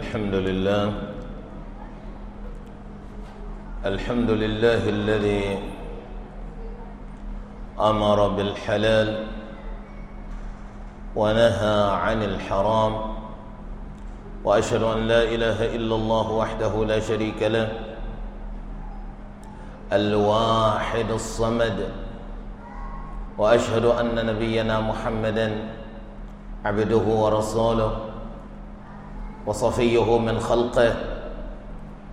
الحمد لله الحمد لله الذي امر بالحلال ونهى عن الحرام واشهد ان لا اله الا الله وحده لا شريك له الواحد الصمد واشهد ان نبينا محمدا عبده ورسوله وصفيه من خلقه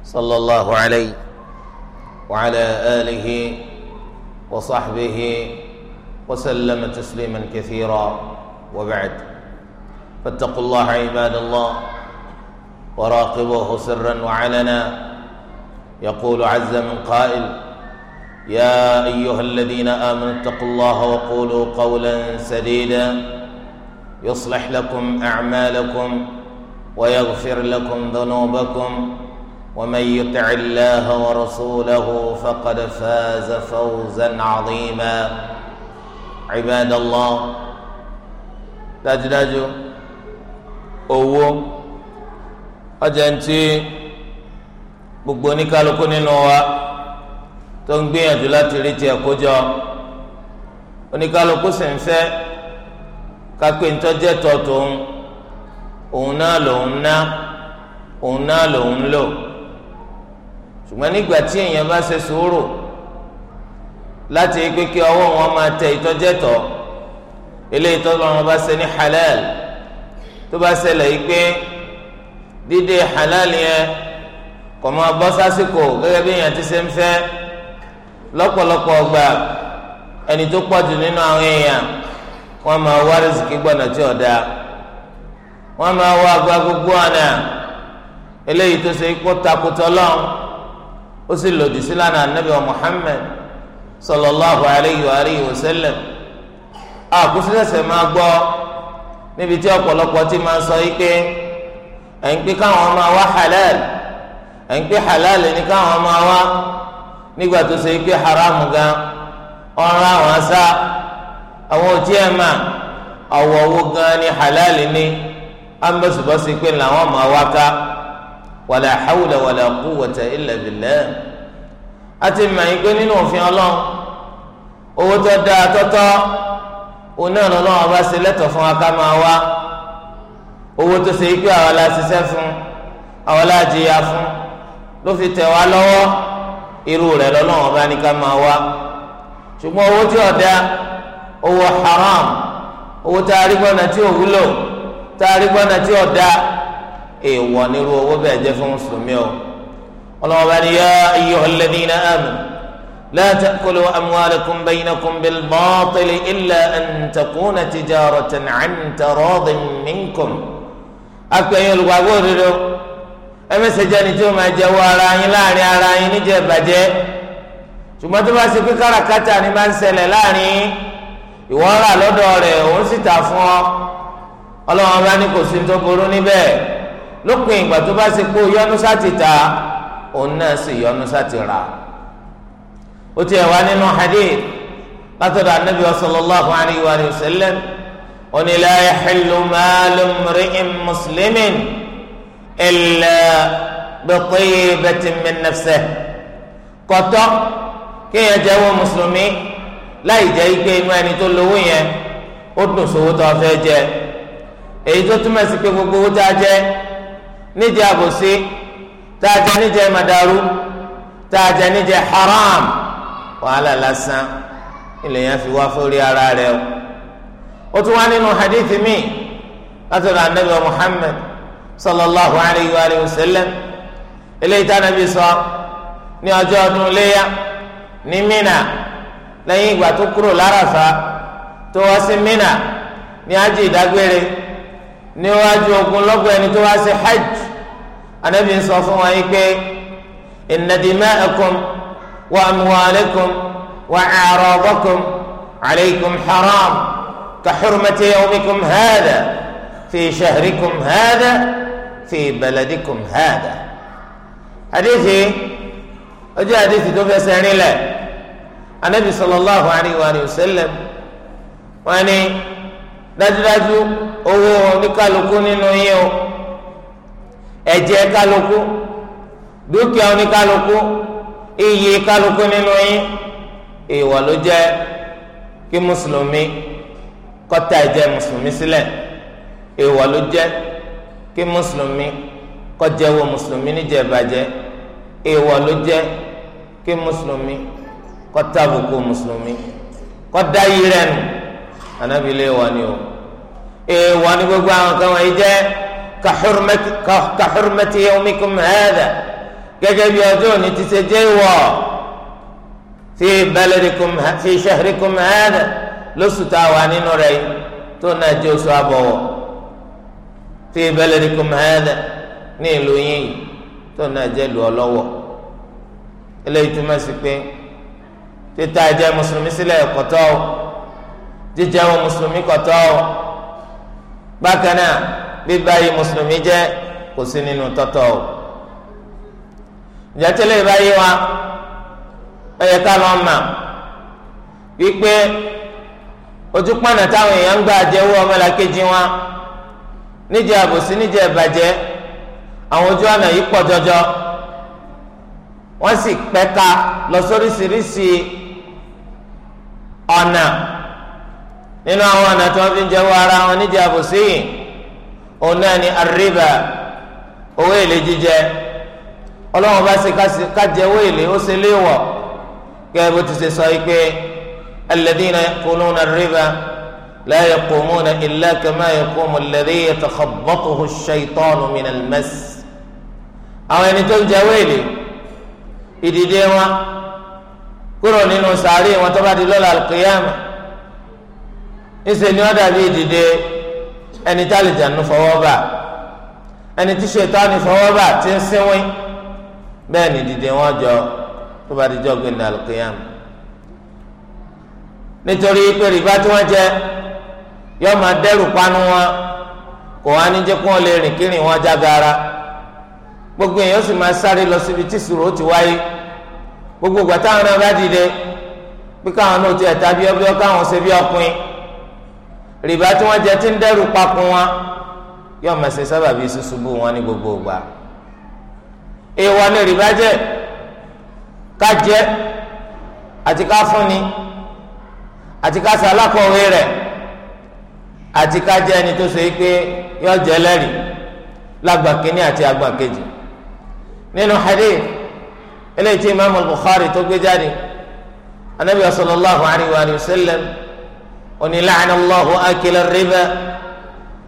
صلى الله عليه وعلى اله وصحبه وسلم تسليما كثيرا وبعد فاتقوا الله عباد الله وراقبوه سرا وعلنا يقول عز من قائل يا ايها الذين امنوا اتقوا الله وقولوا قولا سديدا يصلح لكم اعمالكم ويغفر لكم ذنوبكم ومن يطع الله ورسوله فقد فاز فوزا عظيما عباد الله dájúdájú owó ọjà ń tí gbogbo oníkálukú nínú wa tó ń gbìyànjú láti rí tiẹ̀ kójọ oníkálukú sì ń fẹ́ kápẹ́ ń tọ́jẹ́ tọ̀ tòun òun náà lòun ná òun náà lòun lò ṣùgbọ́n nígbà tí èèyàn bá ṣe sùúrù láti pé kí ọwọ́ wọn máa tẹ ìtọ́jẹ́tọ̀ ilé tó wọn bá ṣe ní halal tó bá ṣẹlẹ̀ yìí pé dídé halal yẹn kò máa bọ́ sásìkò gẹ́gẹ́ bí èèyàn ti ṣe ń fẹ́ lọ́pọ̀lọpọ̀ ọgbà ẹni tó nínú àwọn wọ́n máa wá gba gbogbo ọ̀nà eléyìí tó ṣe kó takùtọ̀ lọ́n ó sì lòdì sí lánàá nabi muhammed sallallahu alayhi wa alayhi wa sallam àkúsílẹ̀sẹ̀ máa gbọ́ níbi tí ọ̀pọ̀lọpọ̀ ti máa sọ yìí pé ẹ̀ ń pé káwọn máa wá halal ẹ̀ ń pé halal ní káwọn máa wá nígbà tó ṣe pé haramu gan ọ̀rọ̀ àwọn sá àwọn ò ẹ̀ mà ọ̀wọ̀ gan ni halal ni ambosibosi pé làwọn máa wá ká wàlà hawla wàlà quwwata illa billah àti màá gbé nínú òfin ọlọ́run owó tó dáa tọ́tọ́ oní ọ̀nà náà bá ṣe lẹ́tọ̀ fún wa ká máa wá owó tó ṣe pé àwọn la ṣiṣẹ́ fún àwọn la jìyà fún ló fi tẹ̀ wá lọ́wọ́ irú rẹ̀ lọ́lọ́run bá ní ká máa wá ṣùgbọ́n owó tí ọ̀dà owó haram owó tá a rí tí ò wúlò taari gbọ́nà tí ò da èèwọ̀ nírú owó bẹ́ẹ̀ jẹ́ fún mùsùlùmí o ọlọ́wọ́ bá ní yá ayyuhal ladhina amanu la ta'kulu amwalakum baynakum bil batili illa an takuna tijaratan an taradin minkum akpẹ̀yìn olùgbàgbọ́ òdodo ẹ̀mẹ́sẹ̀jẹ́ ni tí o máa jẹ́ wọ ara yín láàrin ara yín níjẹ́ ìbàjẹ́ ṣùgbọ́n tó bá ṣe pé káràkátà ni máa ń ṣẹlẹ̀ láàrin ìwọ rà lọ́dọ̀ rẹ̀ òun sì tà fún ọ ọlọ́wọ́n bá ní kò sí tó burú níbẹ̀ lópin ìgbà tó bá ṣe pé yọnu sáti ta òun náà sì yọnu sáti rà ó tiẹ̀ wá nínú hadith látọ̀dọ̀ anabi sallallahu alayhi wa sallam oni la yaxillu maalu mri'in muslimin illa biqibatin min nafsihi kọtọ kéèyàn jẹ́wọ́ mùsùlùmí láì jẹ́ ike inú ẹni tó lówó yẹn ó dùn sówó tó fẹ́ jẹ èyí tó túmọ̀ sí pé gbogbo owó tá a jẹ níjẹ àbòsí tá a jẹ níjẹ màdàrú tá a jẹ níjẹ haram wàhálà lásán ilẹ̀ yẹn fi wá fórí ara rẹ o ó tún wá nínú hadithi mi látọ̀dọ̀ anabi muhammed sallallahu alayhi wa sallam eléyìí tá anabi sọ ní ọjọ́ ọdún léyà ní mina lẹ́yìn ìgbà tó kúrò láràfà tó wá sí mina ní ájì ìdágbére níwájú ogunlọ́gọ̀ ẹni tó wá sí hajj anabi sọ fún wa yìí pé inna dima'akum wa amwalakum wa a'radakum alaykum haram ka hurmati yawmikum hada fi shahrikum hada fi baladikum hada. hadithi ó hadithi tó fẹsẹ̀ rinlẹ̀ anabi sallallahu alayhi wa sallam wọ́n dájúdájú owó oníkálukú nínú yín o ẹ̀jẹ̀ kálukú dúkìá oníkálukú iyì kálukú nínú yín ìwà ló jẹ́ kí mùsùlùmí kọ́tà ẹ̀jẹ̀ mùsùlùmí sílẹ̀ ìwà ló jẹ́ kí mùsùlùmí kọjẹwo mùsùlùmí níjẹ̀bàjẹ́ ìwọ ló jẹ́ kí mùsùlùmí kọtàbùkù mùsùlùmí kọdá yìí rẹ nù ànábìlẹ wà ní o èèwọ̀ ní gbogbo àwọn kan wọ̀nyí jẹ́ ka hurmati yawmikum hadha gẹ́gẹ́ bí ọjọ́ òní ti ṣe jẹ́ ìwọ̀ fi baladikum fi shahrikum hadha lóṣù tá a wà nínú rẹ̀ yìí tó náà jẹ́ oṣù àbọ̀wọ̀ fi baladikum hadha ní ìlú yín tó náà jẹ́ ìlú ọlọ́wọ̀ eléyìí túmọ̀ sí pé títa ẹ̀jẹ̀ mùsùlùmí sílẹ̀ kọ̀tọ́ jíjẹ́ wọn mùsùlùmí kọ̀tọ́ o bákan náà bíbáyé mùsùlùmí jẹ́ kò sí nínú tọ́tọ́ o ìjàtẹ́lẹ̀ ìbáyé wa ó yẹ ká lọ́ọ́ mà wípé ojú pọ̀nà táwọn èèyàn ń gbà jẹ́wọ́ ọmọlàkejì wọn níjẹ́ àbòsí níjẹ́ ìbàjẹ́ àwọn ojú ọ̀nà yìí pọ̀ jọjọ wọ́n sì pẹ́ka lọ sóríṣiríṣi ọ̀nà nínú àwọn ọ̀nà tí wọ́n fi ń jẹ́wọ́ ara wọn nídìí àbòsí òun náà ni àríbà owó èlé jíjẹ ọlọ́run bá ṣe kájẹ owó èlé ó ṣe léèwọ̀ gẹ́gẹ́ bó ti ṣe sọ pé alladhina ya'kuluna ar-riba la yaqumuna illa kama yaqumu alladhi yatakhabbathu ash-shaytanu min al-mas àwọn ẹni tó ń jẹ owó èlé ìdìde wọn kúrò nínú sàárè wọn tó bá di lọ́la al-qiyamah ńṣe ni ó dàbí ìdìde ẹni tí àlìjánu fọwọ́ bà ẹni tí ṣètánì fọwọ́ bà ti ń sínwín bẹ́ẹ̀ ni ìdìde wọn jọ tó bá di jọ́ gbẹ̀ndà lùkìyàm nítorí pé rìbá tí wọ́n jẹ yóò máa dẹ́rù panu wọn kò wá ní jẹ́ kó wọn lè rìn kírìn wọn jágara gbogbo èèyàn sì máa sáré lọ síbi tí ìṣòro ti wáyé gbogbo ìgbà táwọn náà bá dìde pé káwọn náà ti ẹ̀ta bí ọbẹ̀ káwọn ṣe bí ọkùnrin rìbá tí wọ́n jẹ ti ń dẹ́rù pakùn wọn yóò máa ṣe sábàbí ṣùṣubú wọn ní gbogbo ìgbà èèwọ̀ ni rìbá jẹ́ ká jẹ àti ká fúnni àti ká ṣe alákọ̀wé rẹ̀ àti ká jẹ́ ẹni tó ṣe pé yóò jẹ́ lẹ́rìí lágbà àti àgbà nínú hadith eléyìí tí imaamu bukhari tó gbé jáde anabi sallallahu alayhi wa sallam oni laana allahu akila riba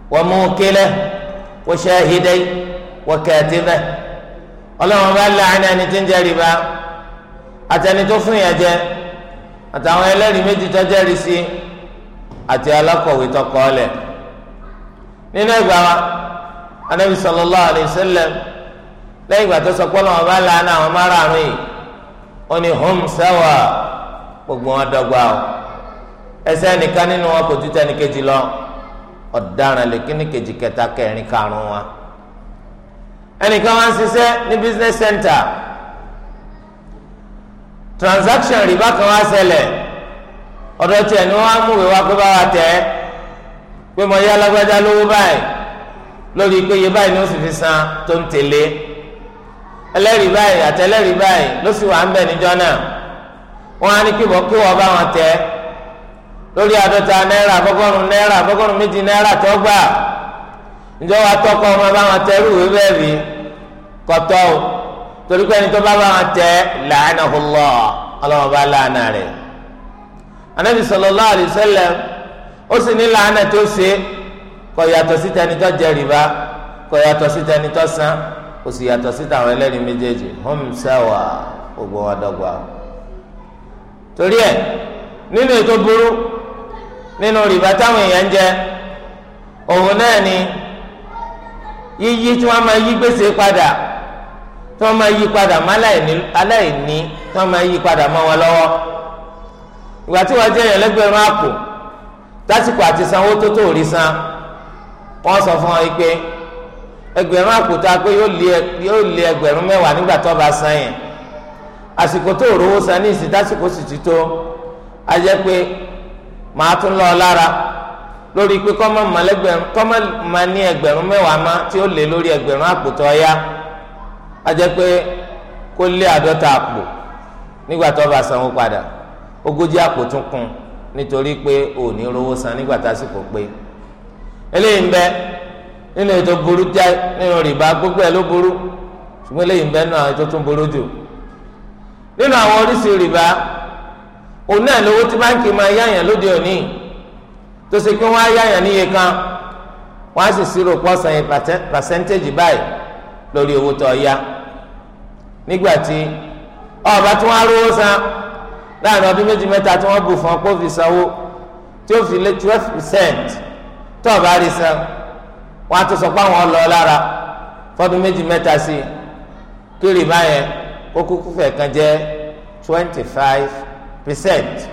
wa mukila wa shahidai wa katiba ọlọ́run bá laana ẹni tí ń jẹ riba àtẹni tó fún yẹn jẹ àtàwọn ẹlẹ́rìí méjì tó jẹ́rìí sí àti alákọ̀wé tó kọ lẹ̀ nínú ìgbà wa anabi sallallahu alayhi wa sallam lẹ́yìn ìgbà tó sọ pé ọlọ́run bá laana àwọn márààrún yìí oni hum sawa gbogbo wọn dọ́gba o ẹ̀ṣẹ̀ ẹnìkan nínú wọn kò títẹ ní kejì lọ ọ̀daràn lè kí ní kejì kẹta kẹrin karùnún wa ẹnìkan wá ń ṣiṣẹ́ ní business center transaction rìbá kan wá ṣẹlẹ̀ ọ̀dọ̀ tiẹ̀ ni wọ́n á múwèé wá pé bá wa tẹ̀ ẹ́ pé mo yá lágbájá lówó báyìí lórí pé iye báyìí ni ó sì fi san tó ń tẹ̀lé ẹlẹ́rìí báyìí àtẹlẹ́rìí báyìí ló sì wà ń bẹ̀ níjọ́ náà wọ́n á ní kí wọ́n kí wọ́n bá wọn tẹ̀ ẹ́ lórí àádọ́ta náírà fọ́gọ́rùn náírà fọ́gọ́rùn méjì náírà tó gbà ǹjọ́ wa tọkọ ọmọ bá wọn tẹ irúwé bẹ́ẹ̀ rí kọ́tọ́ o torí pé ẹni tó bá bá wọn tẹ la'anahullah ọlọ́wọ́ bá làánà rẹ̀ anabi sallallahu alayhi wa sallam ó sì ní làánà tó ṣe kò yàtọ̀ sí tẹni tó jẹ rìbá kò yàtọ̀ sí tẹni tó san kò sì yàtọ̀ sí tàwọn ẹlẹ́rìí méjèèjì hum sawa gbogbo wọn dọ́gba torí ẹ nínú ètò burú nínú rìbá táwọn èèyàn ń jẹ òun náà ni yíyí tí wọ́n máa yí gbèsè padà tí wọ́n máa yí padà mọ́ aláìní tí wọ́n máa yí padà mọ́ wọn lọ́wọ́ ìgbà tí wọ́n jẹ́ èèyàn lẹ́gbẹ̀rún àpò lásìkò àti sanwó tó tó rí san wọ́n sọ fún ọ pé ẹgbẹ̀rún àpò tá a pé yóò lé ẹgbẹ̀rún mẹ́wàá nígbà tó bá san yẹn àsìkò tó rówó san ní ìsìn tásìkò sì ti tó a jẹ́ pé màá tún lọ lára lórí pé kọ́mọ̀ mọ̀lẹ́gbẹ̀rún ní ẹgbẹ̀rún mẹ́wàá má tí ó lé lórí ẹgbẹ̀rún àpòtọ́ ya a jẹ́ pé kó lé àdọ́ta àpò nígbà tó bá sanwó padà ogójì àpò tún kún nítorí pé ò ní rówó san nígbà tásìkò pé eléyìí ń bẹ nínú ètò burú gbogbo ló burú ṣùgbọ́n eléyìí ń bẹ nínú àwọn ètò òun náà lówó tí báńkì máa yáyàn lóde òní tó ṣe pé wọ́n á yáyàn níye kan wọ́n á sì ṣírò pọ̀ san yẹn pàṣẹ́ntéèjì báyìí lórí owó tó yá nígbà tí ọba tí wọ́n á rówó san láàrin ọdún méjì mẹ́ta tí wọ́n bù fún ọ kó fi sanwó tí ó fi lé twelve percent tó ọba rí san wọ́n á tó sọ pé àwọn lọ lára fọdún méjì mẹ́ta sí i kiri báyẹn kó kúkú kan jẹ́ twenty five percent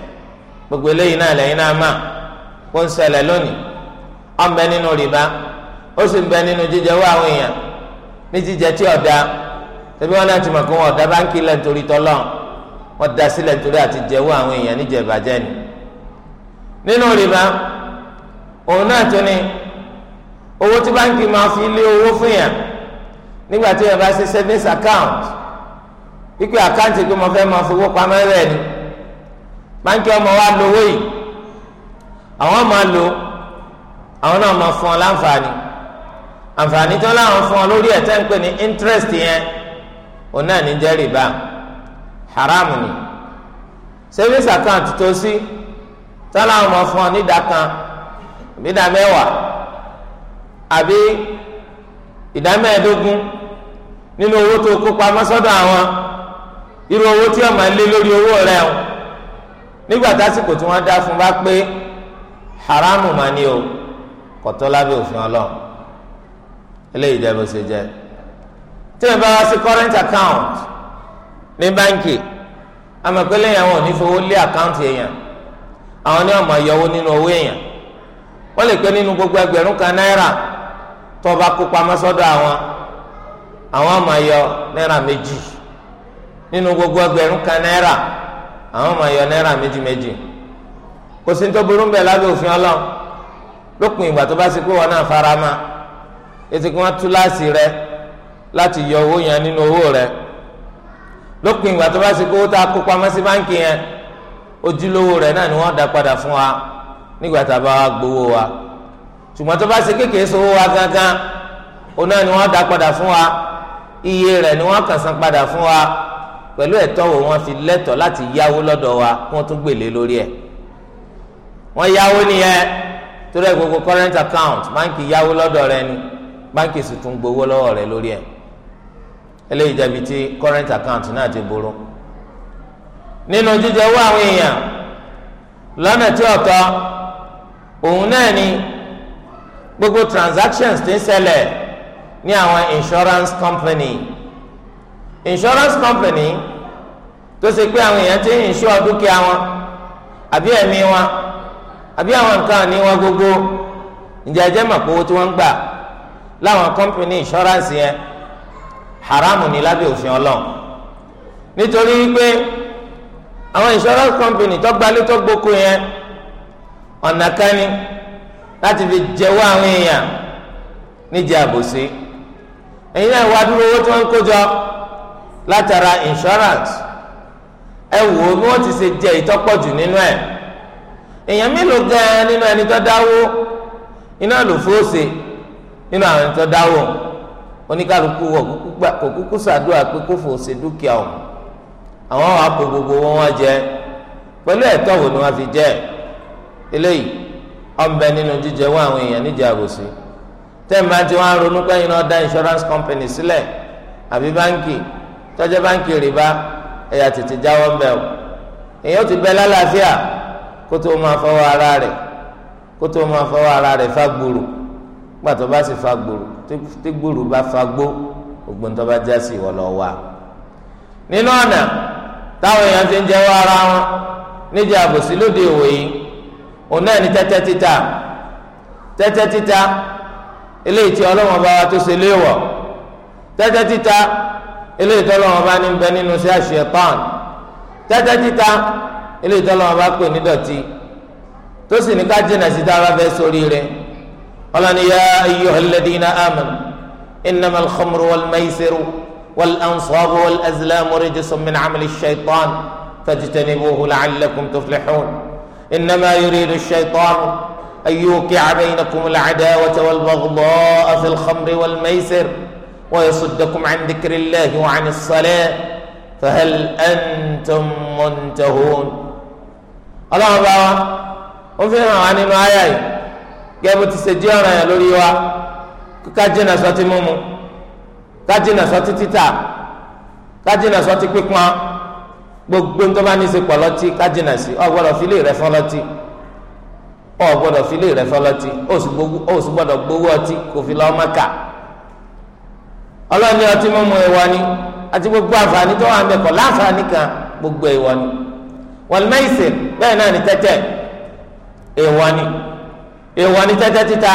gbogbo eléyìí náà lẹ́yìn náà mà kó ń lónìí ọ̀nbẹ nínú rìbá ó sì ń bẹ nínú jíjẹ owó àwọn èèyàn ní jíjẹ tí wọn náà ti wọn báńkì nítorí wọn nítorí àti jẹ owó àwọn èèyàn níjẹ ni nínú rìbá òun náà tún ni owó tí báńkì máa fi lé owó fún yàn nígbà tí yàn bá ṣe savings account báńkì ọmọ wa lówó yìí àwọn máa lò àwọn náà máa fún ọ láǹfààní àǹfààní tó láwọn fún ọ lórí ẹ̀ tẹ́ ń pè ní interest yẹn òun náà ní jẹ́ rìbá haramu ni savings account tó sí tó láwọn máa fún ọ nídà kan nídà mẹ́wàá àbí ìdá mẹ́ẹ̀ẹ́dógún nínú owó tó kó pamọ́ sọ́dọ̀ àwọn irú owó tí wọ́n máa lé lórí owó rẹ̀ o nígbà tásìkò tí wọn dá fún bá pé haramu ma ni o kọ̀tọ́ lábẹ́ òfin ọlọ́run eléyìí jẹ́ bó ṣe jẹ́ tí ẹ bá wá sí current account ní báńkì amọ̀pẹ́lẹ́ yẹn wọn ò ní fowó lé àwọn ní ọmọ nínú owó lè pé nínú gbogbo ẹgbẹ̀rún kan náírà tó bá kó pamọ́ sọ́dọ̀ àwọn àwọn ọmọ yọ náírà méjì nínú gbogbo kan náírà. àwọn ọmọ yọ náírà méjì méjì kò sí ní tó burú ń bẹ̀ lábẹ́ òfin ọlọ́run lópin ìgbà tó bá ti wọn náà fara yọ owó yẹn nínú owó rẹ lópin ìgbà tó bá ta pé tá a kó pamọ́ sí báńkì yẹn ojúlówó rẹ náà ni wọ́n dá fún wa nígbà tá gbowó wa ṣùgbọ́n tó bá ṣe kékeré sówó wa gángan òun náà ni fún wa iye ni wọ́n kàn padà fún wa. pẹ̀lú ẹ̀tọ́ wo wọ́n fi lẹ́tọ̀ọ́ láti yáwó lọ́dọ̀ wa wọ́n tún gbèlè lórí ẹ̀ wọ́n yáwó nìyẹn torí ẹ̀ gbogbo current account báńkì yáwó lọ́dọ̀ rẹ ni báńkì sì tún gbowó lọ́wọ́ rẹ lórí ẹ̀ eléyìí jẹ́bi tí current account náà ti burú nínú jíjẹ owó àwọn èèyàn lọ́nà tí ọ̀tọ̀ òun náà ni gbogbo transactions ti ń ṣẹlẹ̀ ní àwọn insurance company insurance company tó ṣe pé àwọn èèyàn ti ń ìṣọ́ dúkìá wọn àbí ẹ̀mí wọn àbí àwọn nǹkan ní wọn gbogbo ǹjẹ́ ẹjẹ́ mọ̀ pé owó tí wọ́n ń gbà láwọn kọ́mpìnì ìṣọ́ránsì yẹn haramu ni lábẹ́ òfin ọlọ́run nítorí pé àwọn insurance company tó gbalé tó gboko yẹn ọ̀nà kan láti fi jẹ́wọ́ àwọn èèyàn níjẹ́ àbòsí náà wá dúró owó tí wọ́n ń ẹ wò ó bí wọ́n ti ṣe jẹ ìtọ́pọ̀jù nínú ẹ̀ èèyàn mélòó gan nínú ẹni tó dáwó iná ló nínú àwọn ẹni tó dáwó wọ kò kúkú pé dúkìá àwọn kó gbogbo wọn wọn jẹ pẹ̀lú wo ni fi jẹ eléyìí ọ̀nbẹ nínú jíjẹ àwọn èèyàn tẹ́ẹ̀mà tí wọ́n á ronú pé dá insurance company sílẹ̀ àbí báńkì ẹ̀yà tètè jáwọ́ ń bẹ̀ o èèyàn ti bẹ lálàáfíà kó tó máa fọwọ́ ara rẹ̀ kó tó máa fọwọ́ ara rẹ̀ fa gbòòrò nígbà tó bá sì fa gbòòrò tí gbòòrò bá fa gbó ògbón tó bá já sí ìwọ lọ nínú ọ̀nà táwọn èèyàn ti ń jẹ́wọ́ ara wọn níjà àbòsí lóde òwe yìí òun náà ní tẹ́tẹ́ títa tẹ́tẹ́ títa eléyìí tí ọlọ́wọ́n bá wa tó ṣe léèwọ̀ tẹ́tẹ́ títa eléyìí tó lọ́wọ́ bá ní bẹ nínú sí àṣetán tẹ́tẹ́ títa eléyìí tó lọ́wọ́ bá pè ní dọ̀tí tó sì ní ká jìnnà sí tá a bá fẹ́ sórí rẹ̀ ọlọ́ni yá ayyuhal ladina amanu innamal khamru wal maisiru wal ansabu wal azlamu rijsun min amali shaitan fajtanibuhu la'allakum tuflihun innama yuridu shaitan an yuqi'a baynakum al-'adawata wal baghdha'a fil khamri wal maisir. ويصدكم عن ذكر الله وعن الصلاة فهل أنتم منتهون الله أبا وفينا عن المعايا gẹ́gẹ́ ti ṣe jẹ́ ọ̀ràn yẹn lórí wa ká jìnnà sọtí mímu ká gbogbo ń tó ní í ṣe pọ̀ lọ́tí ká ọ gbọ́dọ̀ fi ilé rẹ ọ gbọ́dọ̀ fi ilé rẹ fọ́ lọ́tí ó sì gbọ́dọ̀ gbowó ọlọ́ni ọtí mímu ẹ̀wọ̀ ni àti gbogbo àǹfààní tó wà ń bẹ̀ kọ́ láǹfààní kan gbogbo ẹ̀wọ̀ ni wal maisir bẹ́ẹ̀ náà ni tẹ́tẹ́ ẹ̀wọ̀ ni ẹ̀wọ̀ ni tẹ́tẹ́ títa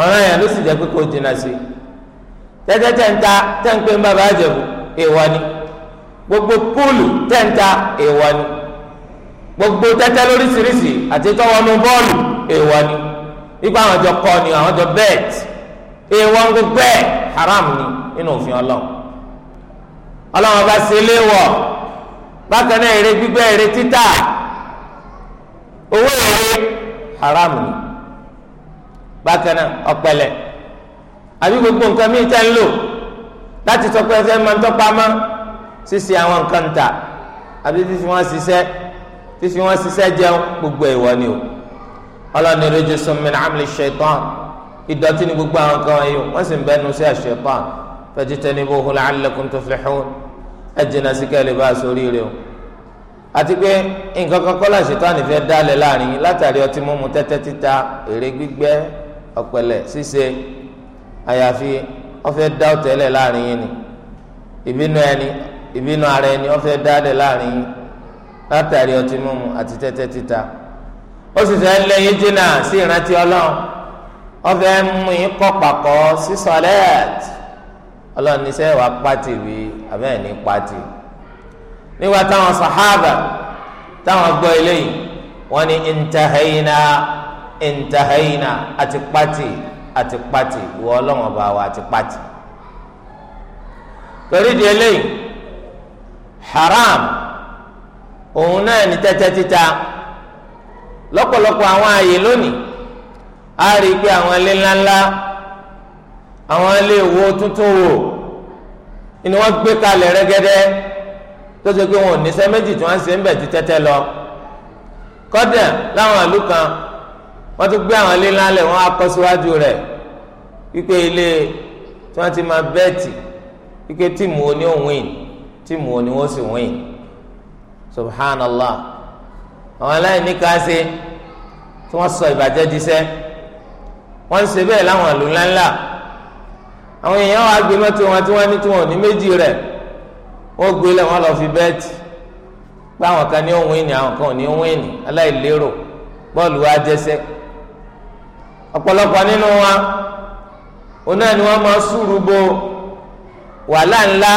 ọ̀ràn yẹn ló sì jẹ́ pé kò jìnnà sí i tẹ́tẹ́ tẹ́ǹta tẹ́ǹpé ń bá bá jẹ̀bù ẹ̀wọ̀ ni gbogbo púùlù tẹ́ǹta ẹ̀wọ̀ ni gbogbo tẹ́tẹ́ lóríṣiríṣi àti tọ́wọ́nú bọ́ọ̀lù ẹ̀wọ̀ ni ipa àwọn jọ kọ́ ni àwọn jọ bẹ́ẹ̀tì èèwọ̀ gbogbo ẹ̀ haram ni nínú òfin ọlọ́run ọlọ́run ọba ṣe léèwọ̀ bákan náà èrè gbígbẹ́ èrè títà owó èrè haram ni bákan náà ọ̀pẹ̀lẹ̀ àbí gbogbo nǹkan míì tẹ́ ń lò láti sọ pé ẹsẹ̀ máa ń tọ́pa mọ́ ṣíṣe àwọn nǹkan ta àbí fífi wọn ṣiṣẹ́ fífi wọn ṣiṣẹ́ jẹun gbogbo ìwọ ni o ọlọ́run ní rẹ́jọ́sọ̀ min amli shaitan ìdọ̀tí ni gbogbo àwọn kan wọ̀nyí wọ́n sì ń bẹ́nu sí àṣepọ́n fajtanibuhu la'allakum tuflihun ẹ jìnnà sí kẹ́lẹ́ bá a sórí rẹ o àti pé nǹkan kọ́kọ́ la Ṣẹ̀tánì fẹ́ dálẹ̀ láàrin yín látàrí ọtí mímu tẹ́tẹ́ títa èrè gbígbẹ́ ọ̀pẹ̀lẹ̀ ṣíṣe àyàfi ó fẹ́ dá ọ̀tẹ̀lẹ̀ láàrin yín ni ìbínú ẹni ìbínú ara ẹni ó dálẹ̀ láàrin yín látàrí ọtí mímu àti tẹ́tẹ́ títa ó sì fẹ́ lẹ́yìn jìnnà sí ìrántí Ọlọ́run ọfẹ mú ikọ pàkọ sí sọlẹt ọlọ́run iṣẹ́ wa pati wi abẹ́ẹ̀ ní pati nígbà táwọn sàhábà táwọn gbọ́ eléyìí wọ́n ní ntahayina ntahayina àti pati àti pati ìwọ ọlọ́run ọba wa àti pati torí di eléyìí haram òun náà ní tẹ́tẹ́ títa lọpọlọpọ àwọn ààyè lónìí. a rí i pé àwọn ilé ńláńlá àwọn ilé ìwo tuntun wò ni wọ́n gbé kalẹ̀ rẹ́gẹ́dẹ́ tó ṣe pé wọn ò ní sẹ́ méjì tí wọ́n ń ṣe ń bẹ̀ ju tẹ́tẹ́ lọ kọ́dà láwọn ìlú kan wọ́n tún gbé àwọn ilé ńláńlẹ̀ wọ́n á kọ́ síwájú rẹ̀ wípé ilé tí wọ́n ti máa bẹ́ẹ̀tì wípé tíìmù oní òun wìn tíìmù oní wọ́n sì wìn subhanallah àwọn aláìní ká ṣe tí wọ́n sọ ìbàjẹ́ di sẹ́ẹ́ wọ́n ń ṣe bẹ́ẹ̀ láwọn ìlú ńláńlá àwọn èèyàn wa gbé mọ́tò wọn tí wọ́n ní tí wọ́n ò ní méjì rẹ̀ wọ́n gbé lẹ̀ wọ́n lọ fi bẹ́ẹ̀tì pé àwọn kan ní ó win ni àwọn kan ò ní win ni aláìlérò bọ́ọ̀lù wa jẹ́sẹ́ ọ̀pọ̀lọpọ̀ nínú wa òun náà ni wọ́n máa sùúrù bo wàhálà ńlá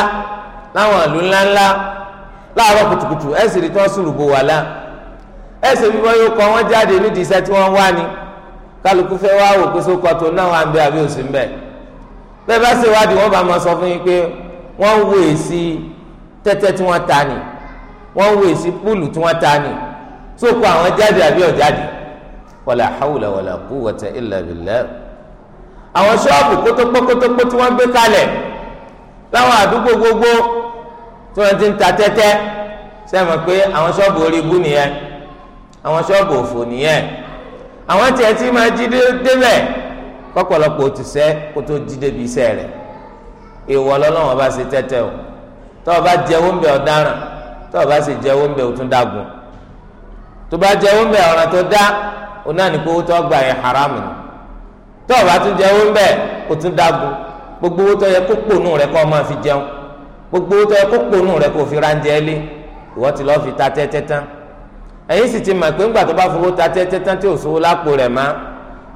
láwọn ìlú ńláńlá láàárọ̀ kùtùkùtù ẹ̀ sì sùúrù bo wàhálà ẹ̀ sì yóò kọ́ wọ́n jáde nídìí iṣẹ́ tí wọ́n wá ni. Wa kálukú fẹ́ wá wò pé sókò tó náà wà ń bẹ àbí òsì ń bẹ bẹ́ẹ̀ bá ṣe wádìí wọ́n bá máa sọ fún yín pé wọ́n ń wo èsì tẹ́tẹ́ tí wọ́n ta ni wọ́n ń wo èsì púùlù tí wọ́n ta ni sókò àwọn jáde àbí ọ̀jáde wàlà hàwùlà wàlà quwwata illa billah àwọn ṣọ́ọ̀bù kótópókótópó tí wọ́n gbé kalẹ̀ láwọn àdúgbò gbogbo tí wọ́n ti ń ta tẹ́tẹ́ sẹ́mi pé àwọn ṣọ́ọ̀bù orí ibú nìyẹn àwọn ṣọ́ọ̀bù òfò nìyẹn àwọn tiẹ̀ tí máa débẹ̀ kọ́pọ̀lọpọ̀ ti kó tó jí débi iṣẹ́ rẹ̀ ìwọ lọ́lọ́wọ́n bá ṣe tẹ́tẹ́ o tọ́ ọ bá ń ọ̀daràn tọ́ ọ bá ṣe jẹ́wọ́ ń bẹ̀ ó bá ń ọ̀ràn tó dá o náà ní gbà yẹn haram ni ọ bá tún jẹ́wọ́ ń bẹ̀ gbogbo owó tó kó rẹ kó máa fi jẹun gbogbo owó tó ẹ̀yin sì ti mọ̀ pé ńgbà tó bá fowó ta tẹ́tẹ́ tán tí ò sówó lápò rẹ̀ má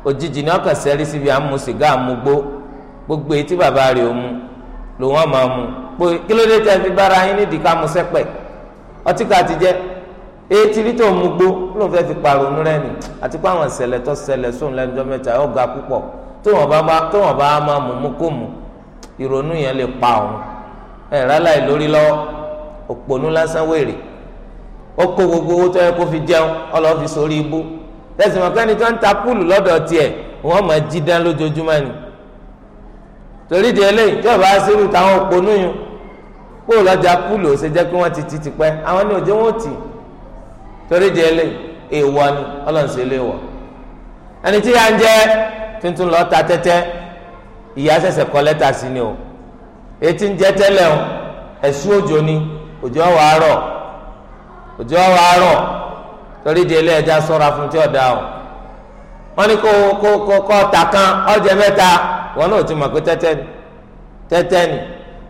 òjijì ni ọkàn sẹ́rí síbi à ń mu sìgá à ń mu gbó gbogbo etí bàbá rẹ̀ ò mu lòun ọ̀ máa mu pé kí ló dé tẹ́ fi bára yín nídìí ká mu sẹ́pẹ̀ ọtí ká ti jẹ́ etí rí tó mu gbó ló fẹ́ fi pàrọ̀nù rẹ̀ nì àti pé àwọn ìṣẹ̀lẹ̀ tó ṣẹlẹ̀ sóun lẹ́jọ́ mẹ́ta ó ga púpọ̀ tó wọ́n bá máa mú mú kó mu ìrònú yẹn lè pa òun ẹ̀ rálá lọ́wọ́ òpònú lásán wèrè ó kó gbogbo owó tó yẹ kó fi jẹun ọlọ́ọ̀ fi sórí ibú tẹ̀sán mọ̀kánì tó ń ta púùlù lọ́dọ̀ tiẹ̀ wọ́n máa jí dán lójoojúmọ́ ni torí di eléyìí tí ọba sírù táwọn òponú yun kó lọ́jà púùlù ó ṣe jẹ́ kí wọ́n ti ti ti pẹ́ àwọn ní òjò wọn ò tì torí di eléyìí èèwọ̀ ni ọlọ́ọ̀sẹ̀ lè wọ̀ ẹni tí yà ń jẹ́ tuntun lọ́ọ́ ta tẹ́tẹ́ ìyá ṣẹ̀ṣẹ̀ kọ́ lẹ́tà sí ni o òjò ọ̀rọ̀ àárọ̀ torí di ẹja sọ́ra fún tí ọ̀dà o wọ́n ní kó kó kó kan ọ̀jẹ̀ mẹ́ta wọn náà ti mọ̀ pé tẹ́tẹ́ ni tẹ́tẹ́ ni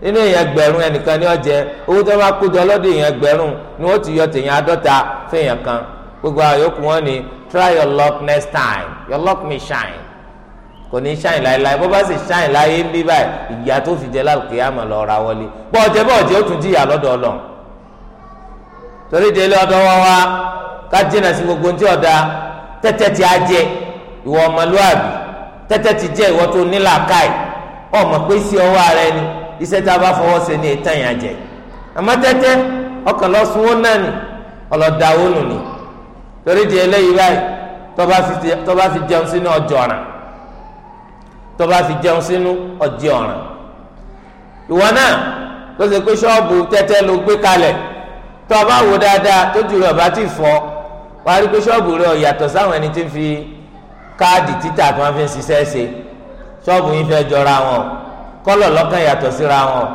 nínú èèyàn gbẹ̀rún ẹnìkan ní ọ̀jẹ̀ owó tó bá kójọ lọ́dọ̀ èèyàn gbẹ̀rún ni wọ́n ti yọ tèèyàn àádọ́ta fún èèyàn wọn ni try your luck next time your luck may shine kò ní bó bá sì láyé ń bí báyìí ìyá tó fi jẹ lọ́ọ́ ra wọlé ó tún torí délé ọ̀dọ̀ wọn wá ká jìnnà sí gbogbo ntí ọ̀dà tẹ́tẹ́ ti á jẹ ìwọ ọmọlúwàbí tẹ́tẹ́ ti jẹ ìwọ tó nílà káì ọmọ pé sí ọwọ́ ara ẹni iṣẹ́ tá a bá fọwọ́ ṣe ní ìtàn yà jẹ àmọ́ tẹ́tẹ́ ọkàn lọ sunwó náà nì ọlọ́dà owó nù ni torí délé yìí báyìí tọ́ba fi jẹun sínú ọjọ́ ọ̀ràn tọ́ba fi jẹun sínú ọjọ́ ọ̀ràn ìwọ náà ló ṣe pé ṣọ́ọ̀bù tẹ́tẹ́ ló gbé kalẹ̀ tó o bá wò dáadáa tójú rẹ ọba ti fọ́ wàá rí pé ṣọ́ọ̀bù rẹ ọ̀yàtọ̀ sáwọn ẹni tí ń fi káàdì títà tí wọ́n fi ń ṣiṣẹ́ ṣe ṣọ́ọ̀bù yìí fẹ́ jọra wọn kọ́lọ̀ lọ́kàn yàtọ̀ síra wọn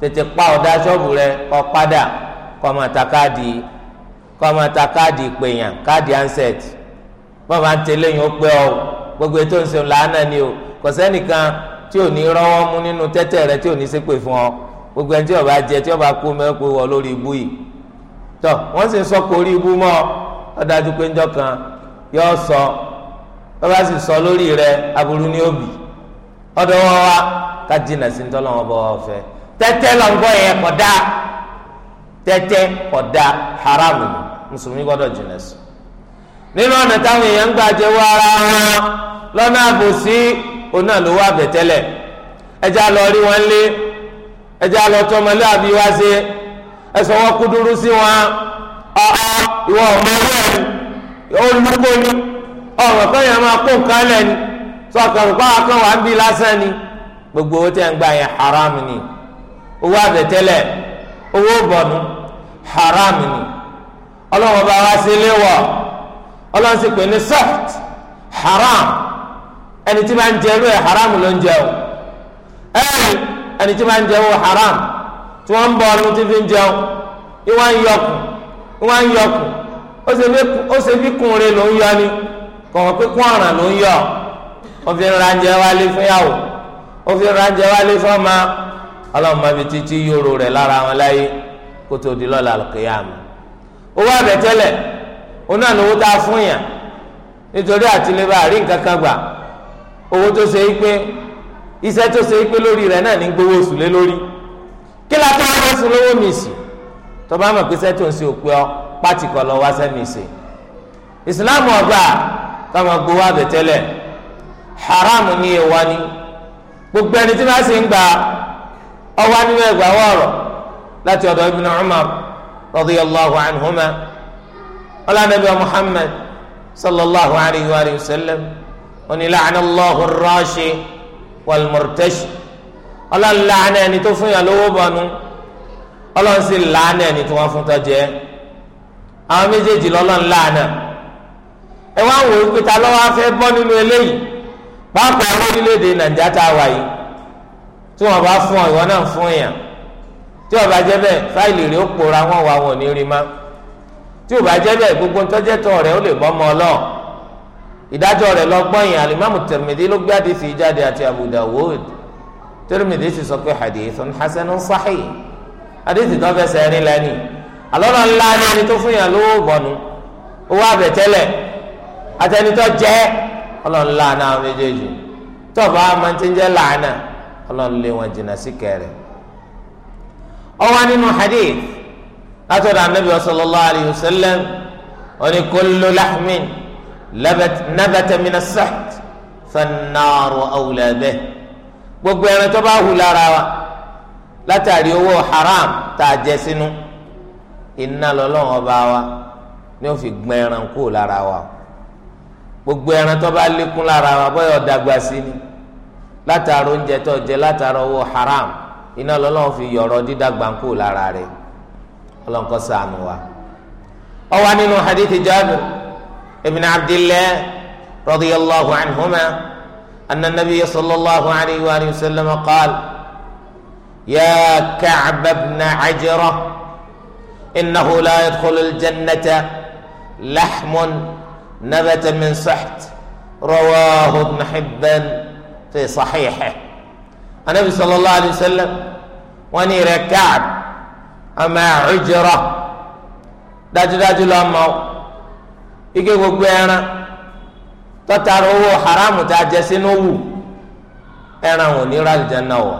tètè pa ọ̀dà ṣọ́ọ̀bù rẹ kọ́ padà kọ́ máa ta káàdì kọ́ máa ta káàdì ìpèyàn káàdì ansẹ́t bọ́ọ̀ máa ń tẹ̀lé yín ó pẹ́ ọ gbogbo ètò ìṣòwò làánà ni o kò sẹ́nìkan tí ò ní rọ́wọ́ mú nínú tẹ́tẹ́ rẹ tí ò ní ṣépè fún ọ gbogbo ẹni tí ó jẹ tí ó bá kú mẹ́kọ̀ọ́ lórí ibú yìí tọ wọ́n sì sọ kórí ibú mọ́ kan yọ sọ bàbá sì sọ lórí rẹ̀ aburú ní òbí ọdọ wọn wá ká jìnnà sí ń tẹ́tẹ́ lọ ń gbọ́ yẹn tẹ́tẹ́ haramu mùsùlùmí gbọ́dọ̀ jìnnà sí nínú ọ̀nà táwọn èèyàn ń wọ ara wọn lọ́nà àbòsí ló ẹja lọ rí ẹja lọ tọmọlé àbí wá ẹsọ wọn kú dúró sí wọn ọ̀ọ́ ìwọ ọmọ ẹgbẹ́ rẹ olùkọ́ ni ọ̀rọ̀ kan yẹn máa kó nǹkan lẹ̀ ni sọ̀kàrù pàwọn kan wà ń bí lásán ni gbogbo owó tẹ̀ ń gbà yẹn haram ni owó àbẹ̀tẹ́lẹ̀ owó bọ̀nù haram ni ọlọ́wọ́n bá wá sí ilé wọ̀ ọlọ́wọ́n sì pè ní soft haram ẹni tí máa ń jẹ́ lóye haram ló ń jẹ́ o ẹni tí máa ń jẹ́ o haram tí wọ́n ń bọ ọdún tí fi ń jẹun ìwà ń yọkù ìwà ń yọkù ó ṣe bí kùnrin ló ń yọ ni kọ̀wọ́ pé kún ọ̀ràn ló ń yọ ó fi ń ra jẹ wálé fún yàwó ó fi ń ra jẹ wálé fún ọmọ ọlọ́run máa fi títí yòrò rẹ̀ lára wọn láyé kó tó di lọ́la kéyàmù owó àbẹ̀tẹ́lẹ̀ oná lówó tá a fún yàn nítorí àtìlébà àrí nǹkan kan gbà owó tó ṣe é pé iṣẹ́ tó ṣe é pé lórí rẹ̀ náà ní gbowó oṣù lé lórí kí la tó wá sí lówó mi sí tó bá mọ̀ pé sẹ́tò ń ṣe òpin ọ pàtì kan lọ wá sẹ́mi sí ìsìláàmù ọgbà káwọn gbowó àbẹ̀tẹ́lẹ̀ haramu ní ìwà ni gbogbo ẹni tí wọ́n sì ń gba ọwọ́ nínú ẹgbàá wọ̀rọ̀ láti ọ̀dọ̀ Ibn Umar radiyallahu anhuma ọlànàbíyà Muhammad sallallahu alayhi wa sallam onílànà allahu rashi wal ọlọ́run làánà ẹni tó fún yàn lówó bọ̀nu ọlọ́run sì làánà ẹni tó wọ́n fún tọ́jẹ́ àwọn méjèèjì lọ́lọ́run làánà ẹ wá wò ó pé ta lọ́wọ́ afẹ́ bọ́ nínú eléyìí pàápàá lórílẹ̀‐èdè nàìjíríà tá a wà yìí tí wọ́n bá fún ọ ìwọ náà fún yàn tí ó bá jẹ́ bẹ́ẹ̀ fáìlì rẹ̀ ó pòórá wọn wà wọn ò ní rí ma tí ó bá jẹ́ bẹ́ẹ̀ gbogbo ntọ́jẹ́tọ̀ rẹ̀ ó lè bọ́ ọmọ ọlọ́ ìdájọ́ rẹ̀ lọ́gbọ́n yìí alimamu Tirmidhi ló gbé àdìsí jáde àti Abu Tirmidhi sì sọ pé hadithun hasanun sahih hadithi tó fẹsẹ̀ rí lẹ́ni alọ́nà ńlá ni ẹni tó fún yàn lówó bọ̀nu owó àbẹ̀tẹ́lẹ̀ àtẹnitọ́ jẹ́ ọlọ́run lánà àwọn méjèèjì tọ́ba máa ti ń jẹ́ lánà ọlọ́run lé wọn jìnnà sí kẹrẹ̀. ọwọ́ nínú hadith látọ̀dọ̀ anabi sallallahu alayhi wa sallam oní kullu lahmin nabata mina saht fannaru gbogbo ẹran tó bá hù lára wa látàrí owó haram tá a jẹ sínú iná lọ́lọ́run ọba wa ni ó fi gbọn ẹran kú lára wa gbogbo ẹran tó bá lékún lára wa bóyá ọ̀dàgbà sí ni látàrí oúnjẹ tó jẹ látàrí owó haram iná lọ́lọ́run fi yọ̀rọ̀ dídàgbà kú lára rẹ̀ ọlọ́nkọ́ ṣàánú wa. ó nínú hadithi Jabir ibn Abdillah radiyallahu anhuma. أن النبي صلى الله عليه وآله وسلم قال يا كعب بن عجرة إنه لا يدخل الجنة لحم نبت من سحت رواه ابن حبان في صحيحه النبي صلى الله عليه وسلم وني كعب أما عجرة dájúdájú lọ́mọ ike gbogbo ẹran tọ́tara owó haramu tá a jẹ sínú wù ẹran ò ní rálìjánná wọ̀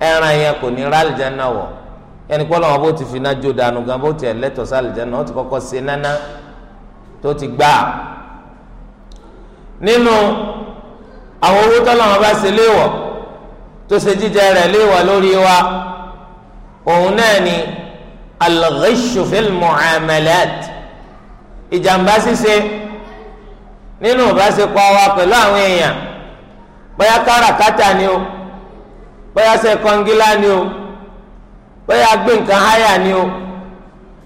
ẹran yẹn kò ní rálìjánná wọ̀ ẹni pọ́ lọ́wọ́ bó ti fi iná jó dànù gan bó ti ẹ̀ lẹ́tọ̀ọ́ sálìjánná ó ti kọ́kọ́ ṣe náná tó ti gbà nínú àwọn owó tọ́lọ́wọ́ bá ṣe léèwọ̀ tó ṣe jíjẹ rẹ̀ léèwọ̀ lórí wa òun náà ni al-ghishu mu'amalat ìjàmbá ṣíṣe. nínú ìbáṣepọ̀ wa pẹ̀lú àwọn èèyàn bóyá káràkátà ni o bóyá ṣe kọ́ngílá ni o bóyá gbé nǹkan háyà ni o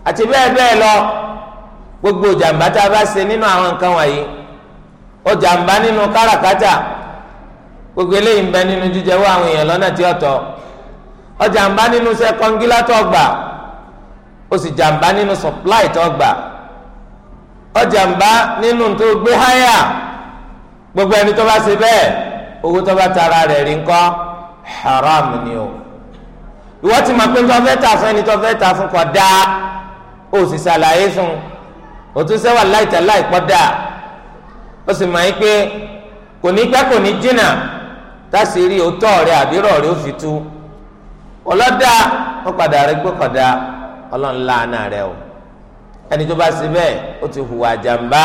àti bẹ́ẹ̀ bẹ́ẹ̀ lọ gbogbo jàǹbá tá a bá ṣe nínú àwọn nǹkan wọ̀nyí ó jàǹbá nínú gbogbo eléyìí ń bẹ nínú jíjẹwọ́ àwọn èèyàn lọ́nà tí ọ̀tọ̀ ó jàǹbá nínú ṣe kọ́ngílá tó gbà ó sì jàǹbá nínú supply tó gbà. ọjàmbá nínú tó gbé háyà gbogbo ẹni tó bá ṣe bẹ́ẹ̀ owó tó bá tara rẹ̀ rí ńkọ́ haram ni o ìwọ ti mọ̀ pé tó fẹ́ tà fún ẹni tó fẹ́ tà fún kọ́ dáa ó sì ṣàlàyé fún un òtún sẹ́wà láìtẹ̀ láìpọ́ dáa ó sì mọ̀ yín pé kò ní pẹ́ kò ní jìnnà tásìrí òótọ́ rẹ̀ àbírọ̀ rẹ̀ ó fi tú ọlọ́dà ó padà rẹ̀ gbé ọlọ́nlá àná rẹ̀ o ẹni tó bá ṣe bẹ́ẹ̀ ó ti hùwà jàmbá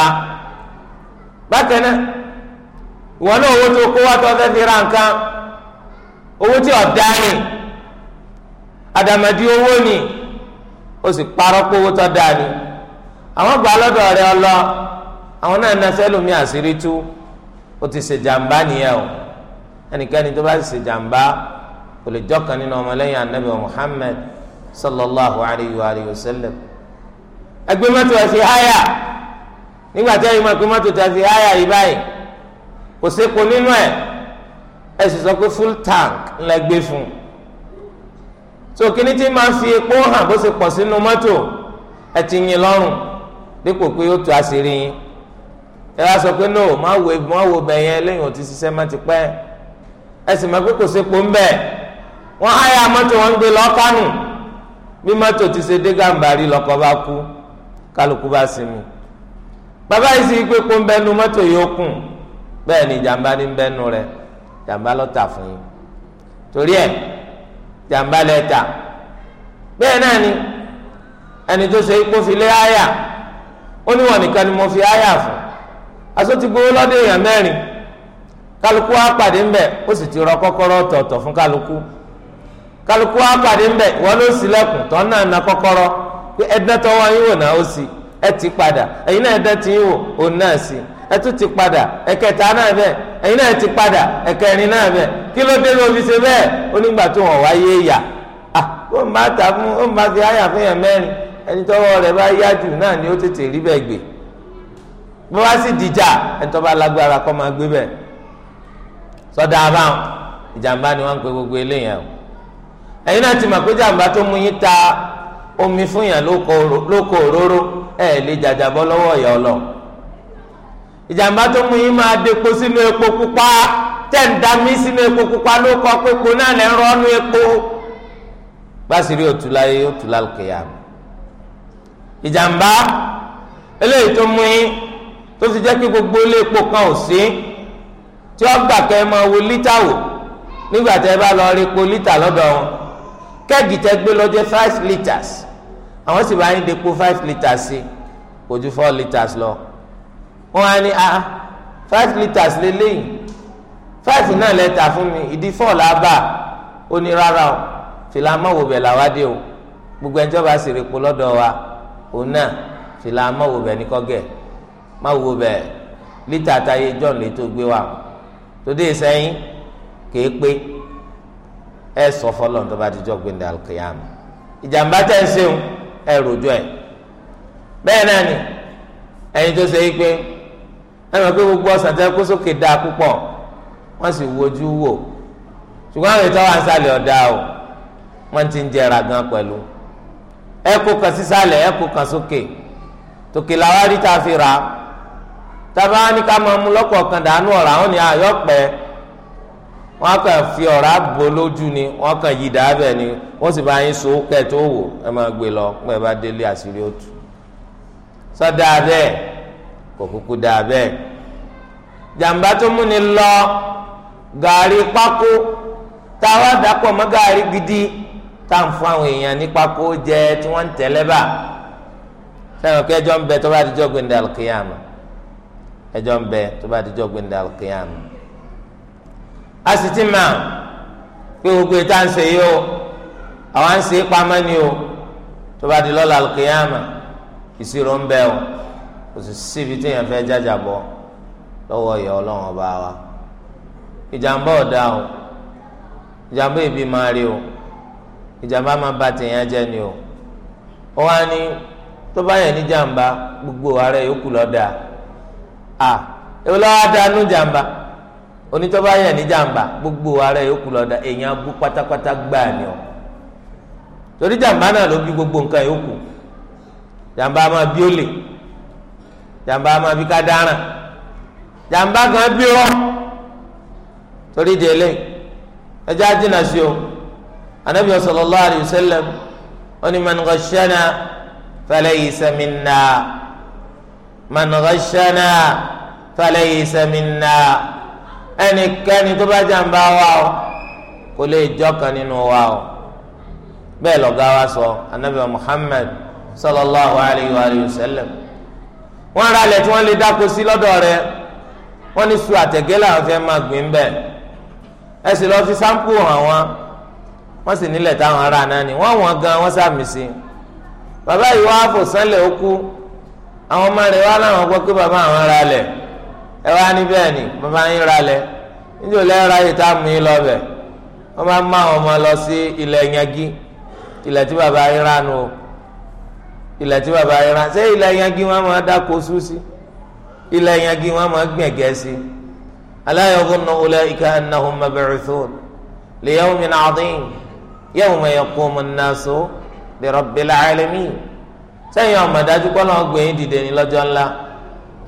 bákan náà ìwọ náà owó tó kó wá tó fẹ́ fi ra nǹkan owó tí ọ̀dá ni àdàmàdì owó ni ó sì parọ́ pé owó tó dá ni àwọn gbà lọ́dọ̀ rẹ ọlọ àwọn náà na sẹ́lùmí àṣírí tú ó ti ṣe jàmbá nìyẹn o ẹnikẹ́ni tó bá ṣe jàmbá kò lè jọ́kan nínú ọmọlẹ́yìn anabi Muhammad sallallahu alayhi wa sallam ẹgbẹ́ mọ́tò ẹ̀ sí háyà nígbà tí ẹ̀yin máa gbé mọ́tò tẹ̀ háyà yìí báyìí kò sépo nínú ẹ̀ ẹ̀ sì sọ pé full tank ńlẹ̀ gbé fún un so kíní tí máa fi epo hàn bó ṣe pọ̀ sínú mọ́tò ẹ̀ ti yin lọ́rùn dípò pé ó tu àṣírí yín ẹ wá sọ pé no má wo má wo bẹ̀ yẹn lẹ́yìn ò ti ṣiṣẹ́ má ti pẹ́ ẹ sì máa pé kò sépo ń bẹ̀ wọ́n háyà mọ́tò wọn gbé lọ́ọ́ kánù bí mọ́tò ti ṣe dé gàǹbàrí lọ́kọ̀ bá kú. kálukú bá sinmi bàbá yìí sì pé kó ń bẹnu mọ́tò yìí ó kùn bẹ́ẹ̀ ni jàǹbá ní ń bẹnu rẹ̀ jàǹbá ló tà fún yín torí ẹ̀ jàǹbá lẹ tà bẹ́ẹ̀ náà ni ẹni tó ṣe ikú fi lé àyà ó níwọ̀n nìkan ni mo fi àyà fún aṣọ ti gbowó lọ́dọ̀ èèyàn mẹ́rin kálukú á pàdé ńbẹ ó sì ti rọ kọ́kọ́rọ́ ọ̀tọ̀ọ̀tọ̀ fún kálukú kálukú á pàdé ńbẹ ìwọ ló ṣílẹ̀kùn tọ́ náà na kọ́kọ́rọ́ pé ẹdán tọwọ́ yín wò náà ó sì ẹ ti padà ẹ̀yin náà ẹdán tí yín wò òun náà sì ẹ tún ti padà ẹkẹta náà bẹ́ẹ̀ ẹ̀yin náà ti padà ẹkẹrin náà bẹ́ẹ̀ kí ló dé lóbi ṣe bẹ́ẹ̀ onígbà tó wọn wáyé yà á ó má ta fún ó fi àyà fún yàn ẹni bá yá jù náà ni ó tètè rí gbé bó wá dìjà ẹni bá lágbára kọ́ máa gbé bẹ́ẹ̀ gbogbo eléyàn ẹ̀yin náà ti mọ̀ pé jàmbá tó mú yín ta omi fún yàn lóko òróró ẹ lè jàjàbọ́ lọ́wọ́ ìyá ọlọ ìjàmbá tó mú yín máa depo sínú epo pupa tẹ̀ ń da mí sínú epo pupa ló kọ pé epo náà lẹ́ ń rọ́nú epo gbàsírí òtúláyé òtúlá kìyà ìjàmbá eléyìí tó mú yín tó fi jẹ́ kí gbogbo ilé epo kan ò sí tí wọ́n gbà kẹ́ ẹ máa wo lítà wò nígbà tẹ́ ẹ bá lọ rí epo lítà lọ́dọ̀ wọn kẹ́ẹ̀gì tẹ́ gbé lọ five litres àwọn sì bá yín depo five litres sí kò ju four litres lọ wọn á ní ah five litres lélẹ́yìn five náà lẹ́ta fún mi ìdí four là á bà ó ní rárá o fìlà mọ́wò bẹ̀ làwa dé o gbogbo ẹni tí wọ́n bá sì rèpo lọ́dọ̀ wa òun náà fìlà mọ́wò ní kọ́gẹ̀ mọ́wò bẹ̀ lítà táyé john lè tó gbé wa tòde ìsẹ́yìn kèé pé ẹ sọ fọlọ́n tó bá ti jọ gbẹ̀ndẹ̀ alùkìyàmù ìjàmbá tẹ̀ ń ṣeun. ẹ rojọ́ ẹ̀ bẹ́ẹ̀ náà ni ẹni tó ṣe pé gbogbo ọ̀sán tẹ́ kó sókè dáa púpọ̀ wọ́n sì wojú wò ṣùgbọ́n àwọn ọ̀dà o wọ́n ti ń jẹra gan pẹ̀lú ẹ kan sísàlẹ̀ ẹ kan sókè tòkè fi rà tábà ní ká máa mú ni wọ́n kàn fi ọ̀rá bo lójú ni wọ́n kàn yí dàbẹ̀ ni wọ́n sì bá yín so kẹ́ tó wò ẹ máa gbé lọ pé ẹ bá délé àṣírí òtù sọ dáa bẹ́ẹ̀ kò kúkú dáa bẹ́ẹ̀ jàǹbá tó múni lọ gàrí pákó táwa dàpọ̀ mọ́ gàrí gidi táwọn fún àwọn èèyàn ní pákó jẹ tí wọ́n ń tẹ̀lé bá sẹ́wọ̀n kí ń bẹ tó bá dijọ́ gbẹ̀ndẹ̀ àlùkìyàmù ẹjọ́ ń bẹ tó bá dijọ́ gbẹ̀ndẹ̀ àlùkìyàmù a sì ti mà pé gbogbo ètò à ń ṣe yìí o àwọn à ń ṣe é pamọ́ ni o tó bá di lọ́la alùkìyàmà ìṣirò ń bẹ o kò sì síbi téèyàn fẹ́ jájà bọ́ lọ́wọ́ ìyá ọlọ́run ọba wa ìjàmbá ọ̀dà o ìjàmbá ìbí máa rí o ìjàmbá máa bà tèèyàn jẹ́ ni o ó wá ní tó bá yẹn ní jàmbá gbogbo ààrẹ yòókù lọ́dà à èwo lọ́wọ́ jàmbá onítọ́ba yẹn ní jàǹbá gbogbo ara yòókù lọ́dà èèyàn abú pátápátá gbáà ni ọ torí jàǹbá náà ló bí gbogbo nǹkan yòókù jàǹbá máa bí ó lè jàǹbá máa bí ká dáràn jàǹbá gan bí rọ torí délé ẹjẹ àjìnà sí o anabi sallallahu alayhi wa sallam oní man ghashana falaysa minna man ghashana falaysa minna. ẹnikẹ́ni tó bá jàǹbá wa o kò lè n'inu nínú wa o bẹ́ẹ̀ lọ́gá wa sọ anabi muhammed sallallahu alayhi wa sallam wọ́n ra ilẹ̀ tí wọ́n lè dáko sí lọ́dọ̀ wọ́n ní su àtẹ̀gẹ́ làwọn fẹ́ máa gbìn bẹ́ẹ̀ ẹ sì fi sáńpù hàn wọ́n wọ́n sì nílẹ̀ táwọn ará náà ni wọ́n wọ̀n gan wọ́n sàmì sí bàbá yìí wọ́n á fò sánlẹ̀ ó kú àwọn ọmọ wá láwọn gbọ́ ẹ wá ní bẹ́ẹ̀ ni bàbá yín ra lẹ̀ níjò lẹ́ẹ̀rọ ayé tá a mú yín lọ́bẹ̀ wọ́n máa ń má àwọn ọmọ lọ sí ilẹ̀ yangi ilẹ̀ tí bàbá yín rà nù o ilẹ̀ tí bàbá yín rà ṣé ilẹ̀ yangi wọn máa dáko sú sí ilẹ̀ yangi wọn máa gbìn ẹ̀gẹ́ sí ala yadhunnu ulaika annahum mab'uthun li yawmin 'adhim yawma yaqumu an-nasu li rabbil 'alamin sẹ́yìn ọ̀mọ̀dájú kọ́ náà gbẹ̀yìn dìde ní lọ́jọ́ ńlá.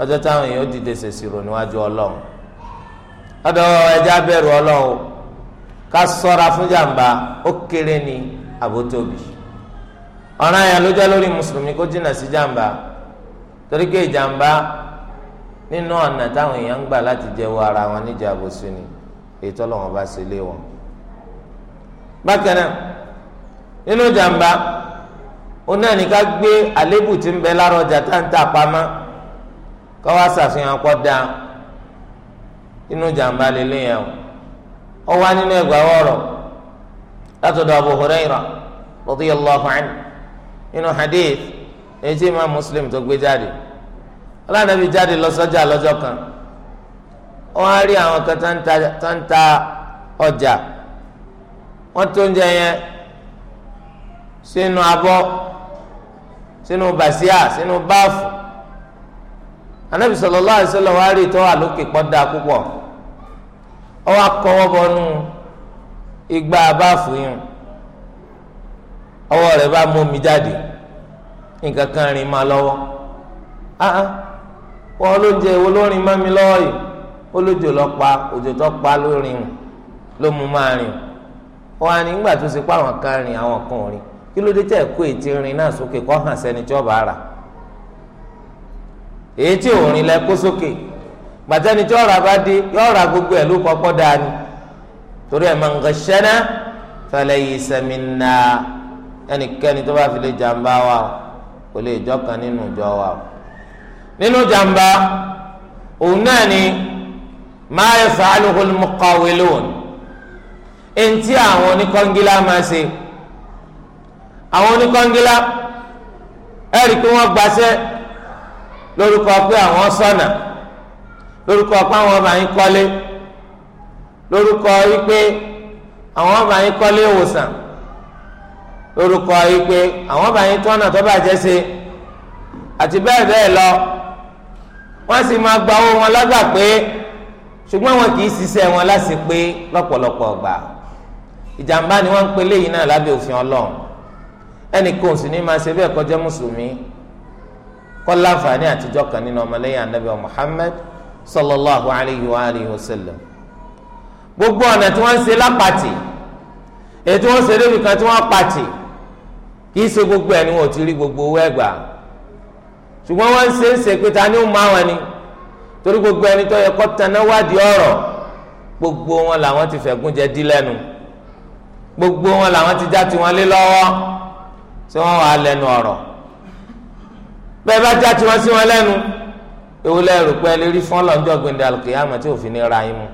ọjọ́ táwọn èèyàn dìde ṣèṣirò níwájú ọlọ́run ọ̀dọ̀ ẹja bẹ̀rù ọlọ́run ká sọ́ra fún jàǹbá ó kéré ní àbótóbi ọ̀ràn yẹn ló jẹ́ lórí mùsùlùmí kó jìnnà sí jàǹbá torí pé nínú ọ̀nà táwọn èèyàn ń ara wọn níjà àbòsí ni wọn. bákan náà nínú ó náà ní ká gbé àlébù tí ń bẹ lára ọjà kọ́ wá sàfihàn kọ́ da inú jàǹbá lélẹ̀ yẹn o ó wá nínú ẹgbàá ọ̀rọ̀ látọ̀dọ̀ Abu Huraira radiyallahu anhu nínú hadith èyí tí Imam Muslim tó gbé jáde ọlọ́dàbí jáde lọ sọ́jà lọ́jọ́ kan wọ́n á rí àwọn kan tó ń ta ọjà wọ́n tó ń jẹ yẹn sínú abọ́ sínú bàsíà sínú báàfù anabi sallallahu alaihi wasallam wa rí tọ́wọ́ àlókè pọ́dà púpọ̀ ọ wá kọ́wọ́ bọnú igbá abáàfù yìí ọwọ́ bá mú mi jáde nǹkan kan rìn máa lọwọ. áá ah, olóúnjẹ ah. wo ló rìn má mi lọ́wọ́ yìí lọ pa òjò tó pa ló rìn ló mú rìn ní nígbà tó ṣe àwọn kan rìn àwọn kan rìn kí ló dé kó ètí rìn náà sókè hàn tí èyí tí òórìn lẹ kó sókè gbàtẹ́ni tí ọ̀rọ̀ bá dé yọ̀ọ̀rọ̀ gbogbo ẹ̀ ló kọ́kọ́ dáa ni torí ẹ̀ man ghashana falaysa minna ẹnikẹ́ni tó bá fi lè jàǹbá wa kò lè jọ́ kan nínú ìjọ wa nínú jàǹbá òun náà ni ma yaf'aluhu al-muqawwilun eŋti àwọn oníkọ́ngilá máa ṣe àwọn oníkọ́ngilá ẹ̀rí pé wọ́n gbaṣẹ́ lórúkọ pé àwọn ṣọ́nà lórúkọ pé àwọn ọba yín kọ́lé lórúkọ wípé àwọn ọba yín kọ́lé ìwòsàn lórúkọ wípé àwọn ọba yín tọ́nà tó bàjẹ́ ṣe àti bẹ́ẹ̀ bẹ́ẹ̀ lọ wọ́n sì máa gba owó wọn lágbà pé ṣùgbọ́n wọn kì í ṣiṣẹ́ wọn láti pé lọ́pọ̀lọpọ̀ ọgbà ìjàmbá ni wọ́n ń pe léyìn náà lábẹ́ òfin ọlọ́run ẹnì kan ò sì ní máa ṣe bẹ́ẹ̀ kọjá mùsùlùmí kọ́ láǹfààní àtijọ́ kan nínú ọmọlẹ́yìn anabi muhammed sallallahu alayhi wa alihi wa sallam gbogbo ọ̀nà tí wọ́n ń ṣe lápàtì èyí tí wọ́n ń ṣe débi kan tí wọ́n pàtì kì í ṣe gbogbo ẹ̀ ni wọ́n ti rí gbogbo owó ẹ̀gbà ṣùgbọ́n wọ́n ń ṣe ń ṣe pé ta ni ó ni torí gbogbo ẹni tó yẹ kó taná ọ̀rọ̀ gbogbo wọn làwọn ti fẹ̀gún jẹ dí lẹ́nu gbogbo wọn làwọn ti já tiwọn lé lọ́wọ́ tí wọ́n wà lẹ́nu ọ̀rọ̀ bẹ́ẹ̀ bá já tiwọn sí wọn lẹnu ewu lẹ́rù pé lè rí fún ọlọ́njọ́ gbẹ̀ndẹ̀ alùkìyàmọ̀ tí òfin ní ra yín mu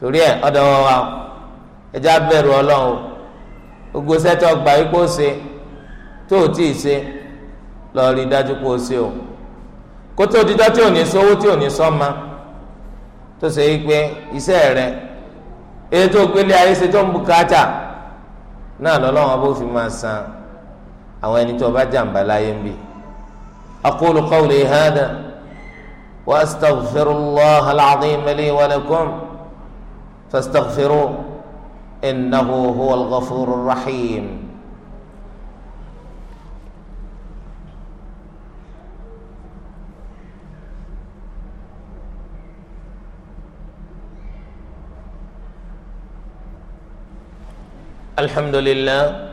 torí ẹ, ọ̀dọ̀ wọn wa ẹjẹ́ abẹ́rù ọlọ́run ogun sẹ́tọ̀ gbà yí kó ṣe tó o tíì ṣe lọ rí dájú kó o ṣe o kó tó dídá tí ò ní tí ò ní tó ṣe yí pé iṣẹ́ rẹ èyí tó gbélé ayé fi máa san àwọn ẹni tó bá jàǹbá láyé ń bì أقول قولي هذا وأستغفر الله العظيم لي ولكم فاستغفروه إنه هو الغفور الرحيم الحمد لله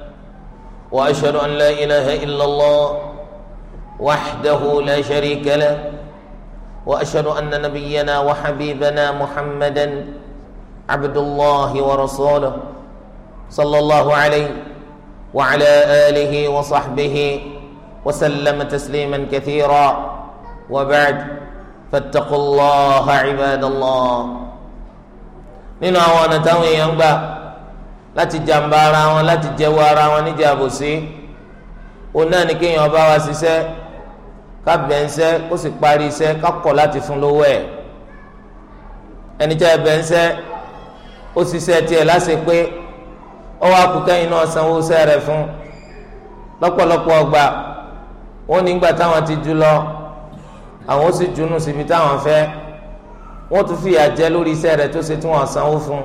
واشهد ان لا اله الا الله وحده لا شريك له واشهد ان نبينا وحبيبنا محمدا عبد الله ورسوله صلى الله عليه وعلى اله وصحبه وسلم تسليما كثيرا وبعد فاتقوا الله عباد الله نينا وانا تاوي ينبا لا gbà láti ولا ara wọn láti jẹ́wọ́ ara wọn níjà ká bẹ̀ ń sẹ́ kó sì parí iṣẹ́ ká kọ̀ láti fún lówó ẹ̀ ẹni tí a bẹ̀ ń sẹ́ ó ṣiṣẹ́ tiẹ̀ láṣẹ pé ó wá kú kẹ́yìn náà sanwó iṣẹ́ rẹ̀ fún lọ́pọ̀lọpọ̀ ọgbà wọ́n nígbà táwọn ti jù lọ àwọn ó sì junú síbi táwọn fẹ́ wọ́n tún fìyà jẹ lórí iṣẹ́ rẹ̀ tó ṣe tí wọ́n sanwó fún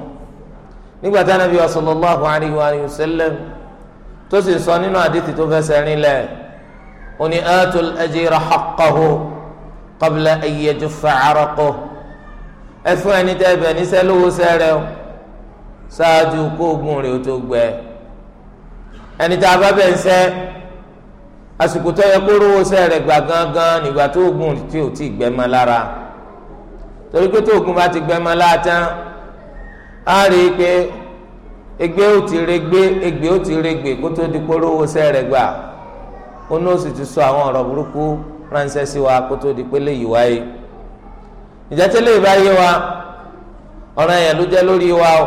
nígbà táwọn Ànábì sallallahu alaihi wa sallam tó sì sọ nínú àdìtì tó fẹsẹ̀ rinlẹ̀ oni atul ajira haqqahu qabla an yajuffa araqo ẹ fún ẹni tẹ́ ẹ bẹ̀ níṣẹ́ lówó sẹ́rẹ̀ o ṣáájú kóògùn rẹ̀ ó tó gbẹ ẹni tá a bá bẹ̀ ń sẹ́ àsìkò tó yẹ kó rówó sẹ́rẹ̀ gbà gángan nígbà tó oògùn tí ò tí gbẹ mọ́ lára torí pé tó oògùn bá ti gbẹ mọ́ lára á rí i pé egbe ó ti regbe egbe ó ti regbe kó tó di kó rówó gbà oní ó sì ti sọ àwọn ọ̀rọ̀ burúkú ránṣẹ́ sí wa kó tó di pé léyìí wáyé ìjátẹ́lẹ̀ ìbáyé wa ọ̀ràn yẹn ló jẹ́ lórí wa o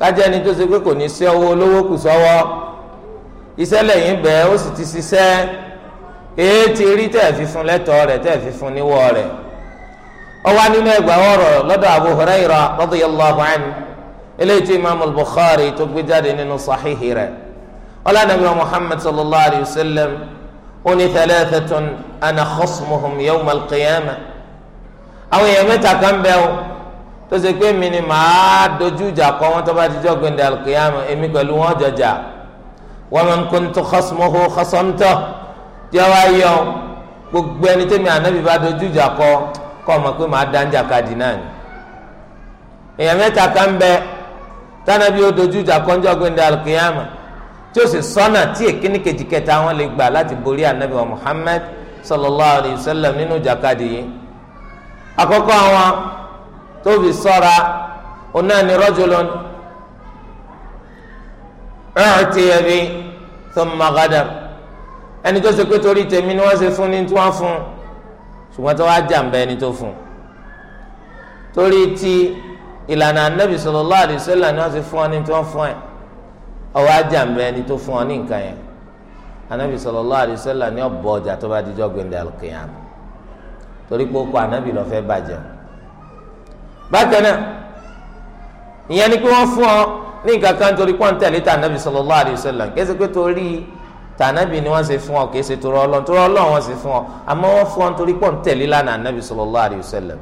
kájẹ́ ẹni tó ṣe pé kò ní sí ọwọ́ olówó kù sọ́wọ́ iṣẹ́ lẹ́yìn bẹ́ẹ̀ ó sì ti ṣiṣẹ́ èé ti rí tẹ̀ fi fún lẹ́tọ̀ọ́ rẹ̀ tẹ̀ fi fún níwọ̀ rẹ̀ ọwọ́ nínú ẹgbà ọ̀rọ̀ lọ́dọ̀ Abu Hurairah radiyallahu anhu eléyìí tí imaamu Bukhari tó gbé jáde nínú sahihi rẹ̀ ọlá nàbí wa muhammad sallallahu alayhi wa sallam ó ní thalathatun ana khasmuhum yawma al-qiyamah àwọn èèyàn mẹ́ta kan bẹ́ o tó ṣe pé mi ni màá dojú ìjà kọ wọn tó bá ti jọ gbẹndẹ al-qiyamah èmi pẹ̀lú wọn jọjà wa man kuntu khasmuhu khasamtuh jẹ́ wá yọ gbogbo ẹni tẹ́mi ànábì bá dojú ìjà kọ kọ́ ọ mọ̀ pé màá dá ń jà kadì náà ni èèyàn mẹ́ta kan bẹ́ tánàbí ó dojú ìjà kọ́ ń jọ gbẹndẹ al-qiyamah tí ó sì sọ́nà tí èkíní kejì kẹta wọn lè gbà láti borí anabi wa muhammed sallallahu alayhi wa sallam nínú jàkadì yìí àkọ́kọ́ àwọn tó fi sọ́ra ọ̀nà ni rajulun u'tiya bi thumma ghadar ẹni tó ṣe pé torí tèmi ni wọ́n ṣe fún ni tí wọ́n fún ṣùgbọ́n tó wá jàǹbá ẹni tó fún torí ti ìlànà anabi sallallahu alayhi wa sallam ni wọ́n ṣe fún ọ ni tí wọ́n fún ẹ̀ ọwọ́ ajá ń bẹ ẹni tó fún ọ ní nǹkan yẹn anabi sallallahu alaihi wasallam ní ọbọ ọjà tó bá dijọ gbẹndẹ alùkìyàmù torí pé ó kọ anabi lọ fẹ́ bàjẹ́ bákan náà ìyẹn ni pé wọ́n fún ọ ní nǹkan kan torí pọ́n tẹ̀lé tà anabi sallallahu alaihi wasallam kìí ṣe pé torí tà anabi ni wọ́n ṣe fún ọ kìí ṣe torí Ọlọ́run torí Ọlọ́run ṣe fún ọ àmọ́ wọ́n fún ọ torí pọ́n tẹ̀lé lánàá anabi sallallahu alaihi wasallam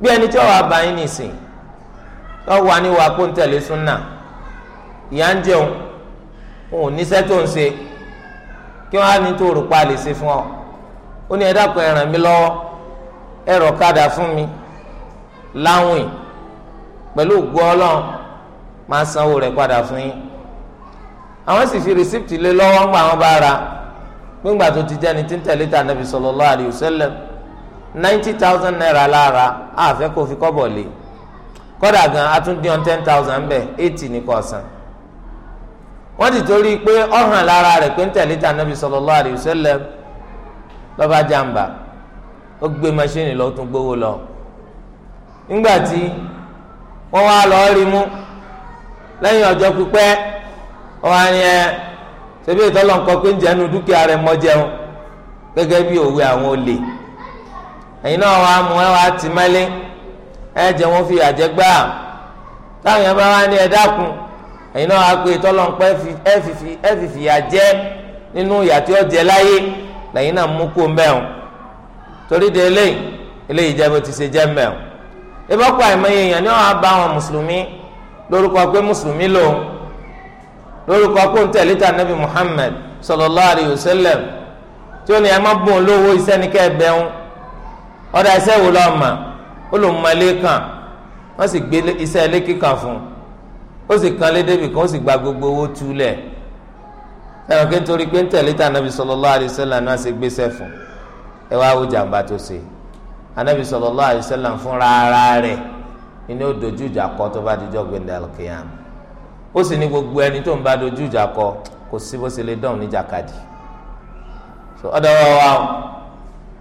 bí ẹni tí ọ wà nìsín ọ wà ní wà tẹ̀lé sunnah ìyá ń jẹun òun níṣẹ́ tó ń ṣe kí wọ́n á ní tó rò pa lè ṣe fún ọ ó ní ẹ dákun ẹ ràn mí lọ́wọ́ ẹ rọ̀ kadà fún mi láwìn pẹ̀lú ògùn ọlọ́run máa sanwó rẹ̀ padà fún yín àwọn sì fi rìsíptì lé lọ́wọ́ ń gba àwọn bá ra gbígbà tó ti jẹ́ni tí ń tẹ̀lé ta nàbì sallallahu alaihi wasallam ninety thousand naira lára àfẹ́ kò fi kọ́bọ̀ lé kọ́dà gan-an a tún dín on ten thousand bẹ́ẹ̀ eighty ní kọ̀ọ̀sán. wọ́n ti torí pé ọ̀hàn lára rẹ̀ pé ń tẹ̀lé ta nàbì sallallahu alaihi wasallam lọ́ba jàǹbá ó gbé lọ tún gbówó lọ nígbà tí wọ́n wá lọ rí mú lẹ́yìn ọjọ́ pípẹ́ wọ́n ní ẹ pé ń jẹnu dúkìá rẹ̀ bí òwe àwọn olè ẹ̀yin náà wàá mú ẹ wàá tì mẹ́lẹ́ jẹ́ wọ́n fi àjẹgbá táwọn yẹn ẹ̀yin náà wàá pé tọ́lọ́npẹ́ ẹ̀fìfìyà jẹ́ nínú jẹ láyé lẹ́yìn náà mú kó mẹ́wọ̀n torí de eléyìí eléyìí jẹ́ bó ti ṣe jẹ́ mẹ́wọ̀n ìbọ́pọ̀ àìmọye èèyàn ni wọ́n á bá àwọn mùsùlùmí lórúkọ pé mùsùlùmí lòun lórúkọ pé ń tẹ̀lé ta nabi muhammed sallallahu alayhi wa sallam tí ó ní bùn lówó iṣẹ́ ẹ ọ̀dà iṣẹ́ ó lòun mọ ó sì kan lé débi kan ó sì gba gbogbo owó túlẹ̀ ẹ̀rọ kí n torí pé ń tẹ̀lé tá anabi sallallahu alaihi wasallam náà ṣe gbéṣẹ́ fún ẹ wá wo jàǹbá tó ṣe anabi sallallahu alaihi wasallam fúnra ara rẹ̀ inú ó dojú ìjà kọ tó bá dijọ́ gbẹ̀ndẹ̀ alkiyam ó sì ní gbogbo ẹni tó ń bá dojú ìjà kọ kò sí bó ṣe lè dán níjàkadì ọ̀dọ̀ wa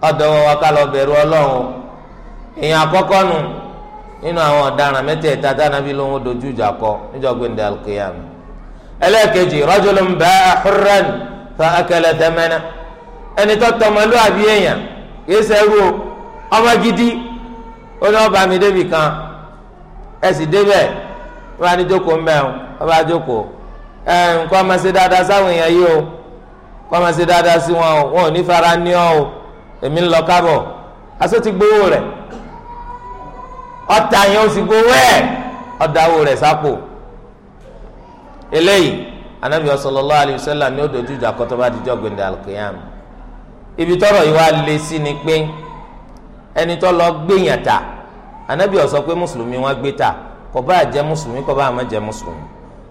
ọ̀dọ̀ wa ká lọ bẹ̀rù Ọlọ́run èèyàn àkọ́kọ́ nù. nínú àwọn ọ̀daràn mẹ́tẹ̀ẹ̀ta tánàbí ló ń dojú ìjà kọ níjọba ìdá alqiyam ẹlẹ́ẹ̀kejì rajulun ba'a hurran fa akala ẹni tó tọmọlú àbí èèyàn kìí sẹ́rú o ọmọ gidi ó ní ọba kan ẹ sì débẹ̀ wọ́n á ní jókòó jókòó nǹkan ọmọ sí dáadáa sáwọn èèyàn yìí o ọmọ sí dáadáa sí wọn ọ o èmi ń lọ aṣọ ti ọ̀tá yẹn ó sì gbowó ẹ̀ ọ̀dáwó rẹ̀ sápò eléyìí anabi sallallahu alayhi wa sallam ni ó dojú ìjà kọ́tọ́ bá dijọ́ gbẹ̀ndẹ̀ alqiyam ibi tọ́rọ̀ yìí wá lé sí ni pé ẹni tó lọ gbẹ̀yàn ta anabi ó sọ pé mùsùlùmí wọn gbé ta kò bá jẹ́ mùsùlùmí kò bá má jẹ́ mùsùlùmí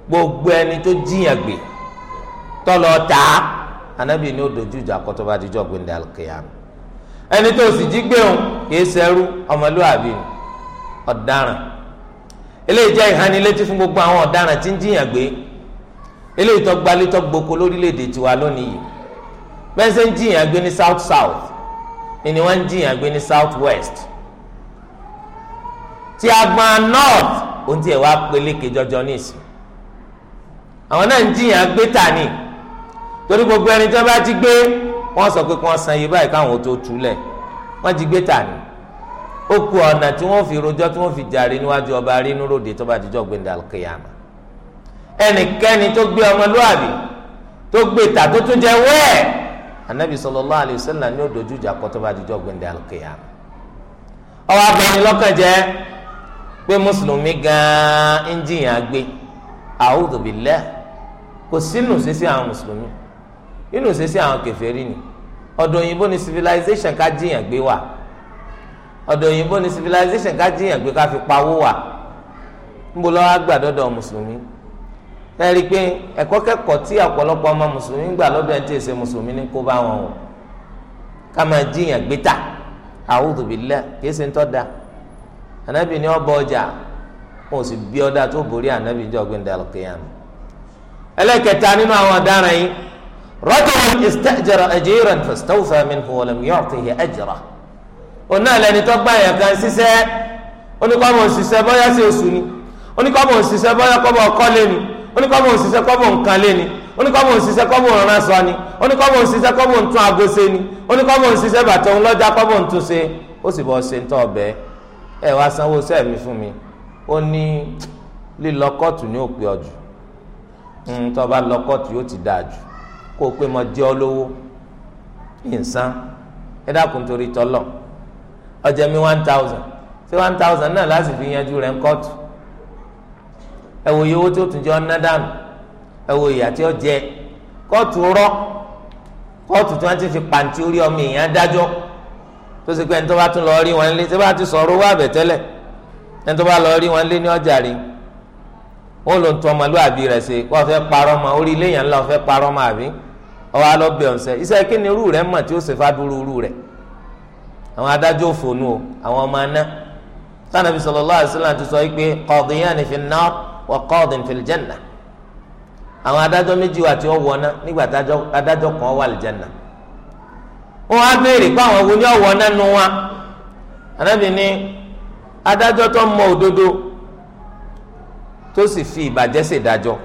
gbogbo ẹni tó jiyàn gbé tó ta anabi ni ó dojú ìjà kọ́tọ́ bá dijọ́ gbẹ̀ndẹ̀ ẹni tó sì jí gbẹ̀hùn kì í ṣẹrú ọmọlúwàbí ni ọ̀daràn eléyìí jẹ́ ìhánilétí fún gbogbo àwọn ọ̀daràn tí ń jiyàn gbé eléyìí tó gbalé tó gboko lórílẹ̀‐èdè tiwa lónìí yìí bẹ́ẹ̀ ṣe ń jiyàn gbé ní south south ni wọ́n ń jiyàn gbé ní south west tí agbọn north ohun tí ẹ̀ wá peléke jọjọ nísì àwọn náà ń jiyàn gbé tà ní torí gbogbo ẹni tí wọ́n bá ti gbé wọ́n sọ pé kí wọ́n san iye báyìí káwọn tó túlẹ̀ wọ́n ti gbé tà ní Oku ọ̀nà tí wọ́n fi rojọ́ tí wọ́n fi jàre níwájú ọba rínú ròde tó bá dijọ́ gbẹ̀ndà kéyàmà ẹnikẹ́ni tó gbé ọmọlúwàbí tó gbé ta tó tún jẹ wẹ́ẹ̀ anabi sallallahu ní òdojú ìjà tó bá gbẹ̀ndà ọwọ́ abẹ́ni lọ́kàn jẹ́ pé mùsùlùmí gan-an ń gbé kò ọ̀dọ̀ òyìnbó ni civilization ká jiyàn gbé ká fi pawó wà níbo lọ́wọ́ àgbà dọ́dọ̀ mùsùlùmí tẹ́lẹ̀ pé ẹ̀kọ́ kẹ́kọ̀ọ́ tí ọ̀pọ̀lọpọ̀ ọmọ mùsùlùmí gbà lọ́dọ̀ ẹ̀ tí èsè mùsùlùmí ní kó bá wọn o ká máa jiyàn gbé ta a'udhu billah kìí ṣe ń tọ́ da ànábì ní ọba ọjà wọn ò sì bí ọdá tó borí ànábì ní ọgbìn dàlùkìyàmù ẹlẹ́kẹta nínú àwọn ọ̀daràn yìí rajulun istajara ajiran fastawfa minhu wa lam yu'tihi ajrahu òun náà lẹni tó gbà yàn kan ṣiṣẹ́ oníkọ́mọ̀ òṣìṣẹ́ bọ́yá sí oṣù ni oníkọ́mọ̀ òṣìṣẹ́ bọ́yá kọ́bọ̀ ọkọ́lé ni oníkọ́mọ̀ òṣìṣẹ́ kọ́bọ̀ nǹkanlé ni oníkọ́mọ̀ òṣìṣẹ́ kọ́bọ̀ ránṣọ ni oníkọ́mọ̀ òṣìṣẹ́ ntún agose ni oníkọ́mọ̀ òṣìṣẹ́ bàtà òun lọ́jà ntún ṣe ó sì bọ́ ṣe ń ẹ wá sanwó mi fún mi ó ní lílọ kóòtù ní tó bá ti dáa jù kó o pé mo jẹ́ ọjọ́ mi one thousand ṣé one thousand náà láti fi yanjú rẹ̀ ń kọ́ọ̀tù ẹ wòye owó tó tún jẹ́ ọ̀nà dànù ẹ wòye àti ọ̀jẹ́ kóòtù rọ kóòtù tí wọ́n ti fi pàǹtí orí ọmọ èèyàn dájọ́ tó ṣe pé ẹni tó bá tún lọ rí wọn lé tó bá ti sọ̀rọ̀ owó àbẹ̀tẹ́lẹ̀ ẹni tó bá lọ rí wọn lé ní ọjà rí wọn ló ń tún ọmọlúwàbí rẹ̀ ṣe wọ́n fẹ́ parọ́ mọ́ orí ilé yẹn ńlá wọ́n fẹ́ parọ́ mọ́ àbí ọwọ́ alọ́bẹ̀ iṣẹ́ kí ni irú rẹ̀ mọ̀ tí ó ṣe fádúró irú rẹ̀ àwọn adájọ́ òfònú o àwọn ọmọ aná sanabi sallallahu alaihi wasallam ti sọ pé qadiyani fin nar wa qadin fil janna àwọn adájọ́ méjì wà tí ó wọ ná nígbà adájọ́ kan wà lìjànà ó wá béèrè pé àwọn wo ni ó wọ nánu wa anabi ni adájọ́ tó mọ òdodo tó sì fi ìbàjẹ́ ṣèdájọ́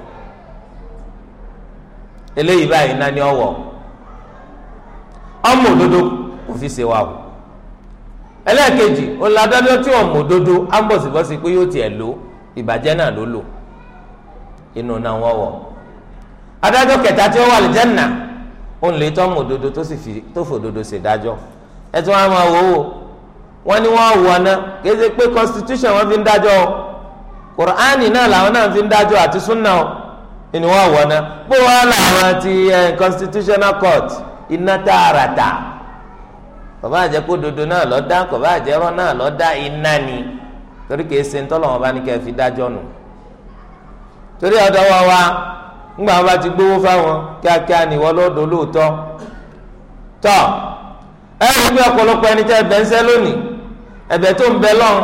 eléyìí báyìí náà ni ó wọ ọmọ òdodo kò fi ṣe wa o ẹlẹ́ẹ̀kejì olùdájọ́ tí wọ́n mọ̀ dodo ambọ̀sibọ́sí pé yóò tiẹ̀ lò ìbàjẹ́ náà ló lò inú náà wọ́n adájọ́ kẹta tí ó wà lìjẹ́nà òun lè tọ́ mọ̀ dodo tó sì fi tó fò dodo ṣèdájọ́ ẹ tí wọ́n á máa wọ́n ní wọ́n wọ̀ ọ́nà pé constitution náà làwọn fi ń dájọ́ àti súnà eh, constitutional court iná kọba bá kó dodo náà lọ dá kọba bá jẹ́ náà lọ dá iná ni torí kìí bá ní kẹ́ fi dájọ́ nù torí ọ̀dọ́ wa wa ńgbà wọn bá ti gbowó fáwọn kíákíá ni wọn lọ́dọ̀ lóòótọ́ tọ́ ẹ rí bí ọ̀pọ̀lọpọ̀ ẹni tẹ́ ẹbẹ̀ ń lónìí ẹbẹ̀ tó ń bẹ lọ́n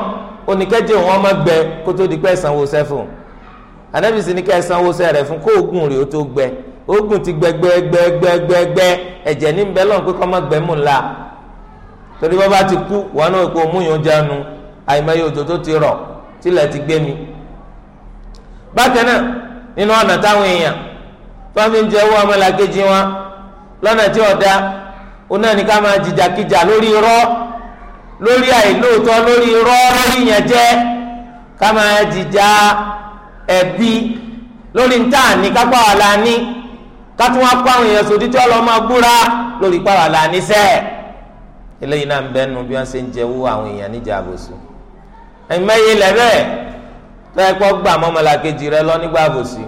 oníkẹ́jẹ́ òun ọmọ gbẹ kó tó di pẹ́ sanwó sẹ́ fún ni kẹ́ sẹ́ fún kó oògùn ti gbẹgbẹgbẹgbẹgbẹ ẹ̀jẹ̀ ní ń bẹ lọ́n pé kọ́ torí bọ́ bá ti kú wọn náà kó múyàn jánu àìmọye òjò tó ti rọ̀ tilẹ̀ ti gbé mi. bákan náà nínú ọ̀nà táwọn èèyàn fáwọn ń jẹ́wọ́ ọmọlàkejì wọn lọ́nà tí ọ̀dà oná ní ká máa jìjàkìjà lórí irọ́ lórí àìlóòótọ́ lórí irọ́ lórí ìyànjẹ ká máa jìjà ẹ̀bi lórí ntaàní kápá wà lání ká tún wá kó àwọn èèyàn sòdí tí ọlọ́mọ gbúra lórí pàwọ́ lání sẹ́ẹ̀ eléyìí náà ń bẹ́ẹ̀ nu bí wọ́n ṣe ń jẹ owó àwọn èèyàn níjà àbòsí ẹ̀yìn mẹ́yìn lẹ̀ bẹ́ẹ̀ tẹ́lẹ̀ pọ́ gbà mọ́mọ́lá kejì rẹ lọ nígbà àbòsí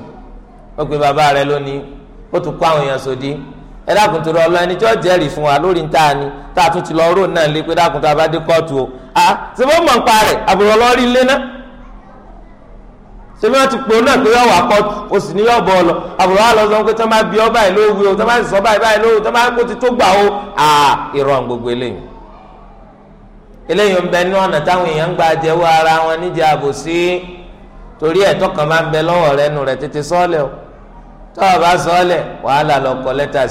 ó pe bàbá rẹ lónìí ó tún kó àwọn èèyàn sódì ẹ dákun tó rọ lọ ẹni tí ó jẹ́rìí fún wa lórí níta ni tá tún ti lọ róò náà lé pé dákun tó a dé kóòtù o à ṣe fọ́ ń pa àbúrò lọ́ọ́ rí ilé náà sẹ́mi wọ́n ti pè ó náà pé yọ̀ wà kọ́tù o sì ní yọ̀ bọ̀ ọ lọ àbúrò wa lọ sọ pé tọ́ bá bí ọ báyìí lówó o tọ́ bá sọ báyìí báyìí lówó tọ́ bá ti tó gbà o à ìrọ̀ gbogbo eléyìí eléyìí ń bẹ ní ọ̀nà táwọn èèyàn ń gba jẹ́wọ́ ara wọn níjẹ́ àbòsí torí ẹ̀tọ́ kan máa ń bẹ lọ́wọ́ rẹ nù rẹ tètè sọ́ọ̀lẹ̀ o tọ́ bá sọ́ọ̀lẹ̀ wàhálà lọ kọ lẹ́tà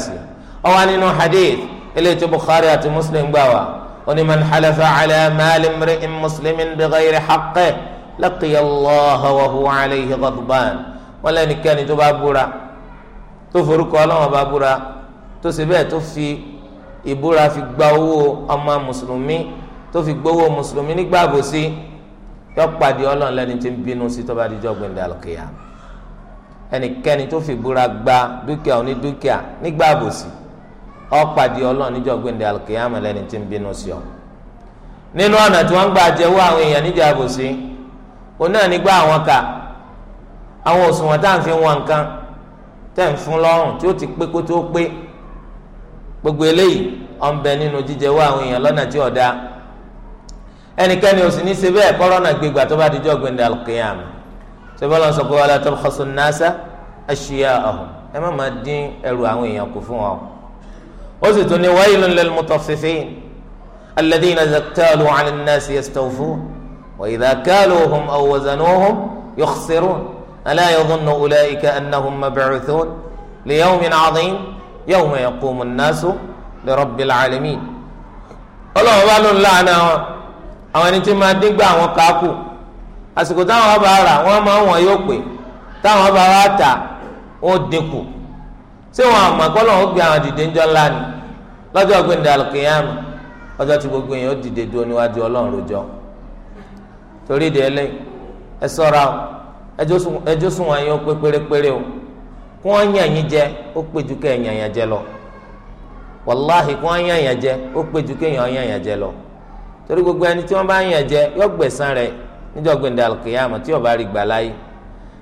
sí laqiya Allah wa huwa alayhi ghadban wọn lẹ́nikẹ́ni tó bá búra tó forúkọ Ọlọ́run bá búra tó sì bẹ́ẹ̀ tó fi ìbúra fi gba owó ọmọ mùsùlùmí tó fi gbowó mùsùlùmí nígbà àbòsí yọ pàdé Ọlọ́run lẹ́ni tí ń bínú sí tó bá di jọ́ gbẹ̀ndẹ̀ àlùkìyà ẹnikẹ́ni tó fi búra gba dúkìá oní dúkìá nígbà àbòsí ó pàdé Ọlọ́run níjọ́ gbẹ̀ndẹ̀ àlùkìyà mọ̀ lẹ́ni tí ń bínú sí ọ nínú ọ̀nà tí wọ́n gbà jẹ́wọ́ àwọn èèyàn níjà àbòsí òun náà ní gbá àwọn kà àwọn òṣùwọ̀n tá à ń fi wọn nǹkan tẹ̀ ń fún lọ́rùn tí ó ti pé kó tó pé gbogbo eléyìí ọ̀nbẹ nínú jíjẹ wá àwọn èèyàn lọ́nà tí ọ̀dá ẹnikẹ́ni ò sì ní ṣe bẹ́ẹ̀ kọ́rọ́nà gbégbà tó bá di jọ́ gbẹ̀ndà al-qiyam ṣé sọ pé wala tabkhasu an-nasa ashya'ahum ẹ má má dín ẹrù àwọn èèyàn kù fún wọn. ó sì tún ní waylun lil mutaffifin alladhina izaktalu 'ala an-nasi yastawfun wa idha kaluhum aw wazanuhum yukhsirun ala yadhunnu ulaika annahum mab'uthun li yawmin 'azim yawma yaqumu an-nasu li rabbil 'alamin. ọlọ́run bá ló ń láàánú àwọn àwọn ẹni tí máa dín gbà àwọn káàkù àsìkò táwọn bá rà wọ́n máa wọ̀n yóò pè táwọn bá wá tà ó dínkù ṣé wọn àmọ́ kọlọ ó gbé àwọn dìde ńjọ ńlá ni lọ́jọ́ gbẹndàlùkìyàmù ọjọ́ tí gbogbo èèyàn ó dìde dúró níwájú Ọlọ́run rojọ́. torí di ẹlẹ́yìn ẹ sọ́ra ẹjọ́ sùn wọn yín pé pérépéré o kí wọ́n yàn yín jẹ ó pé ju kẹ́ẹ̀ yàn yàn jẹ lọ wàláhì kí wọ́n yàn yàn jẹ ó pé ju kẹ́ẹ̀ yàn yàn jẹ lọ torí gbogbo ẹni tí wọ́n bá yàn jẹ yóò gbẹ̀san rẹ̀ níjọ́ tí ọba rí gbà láyé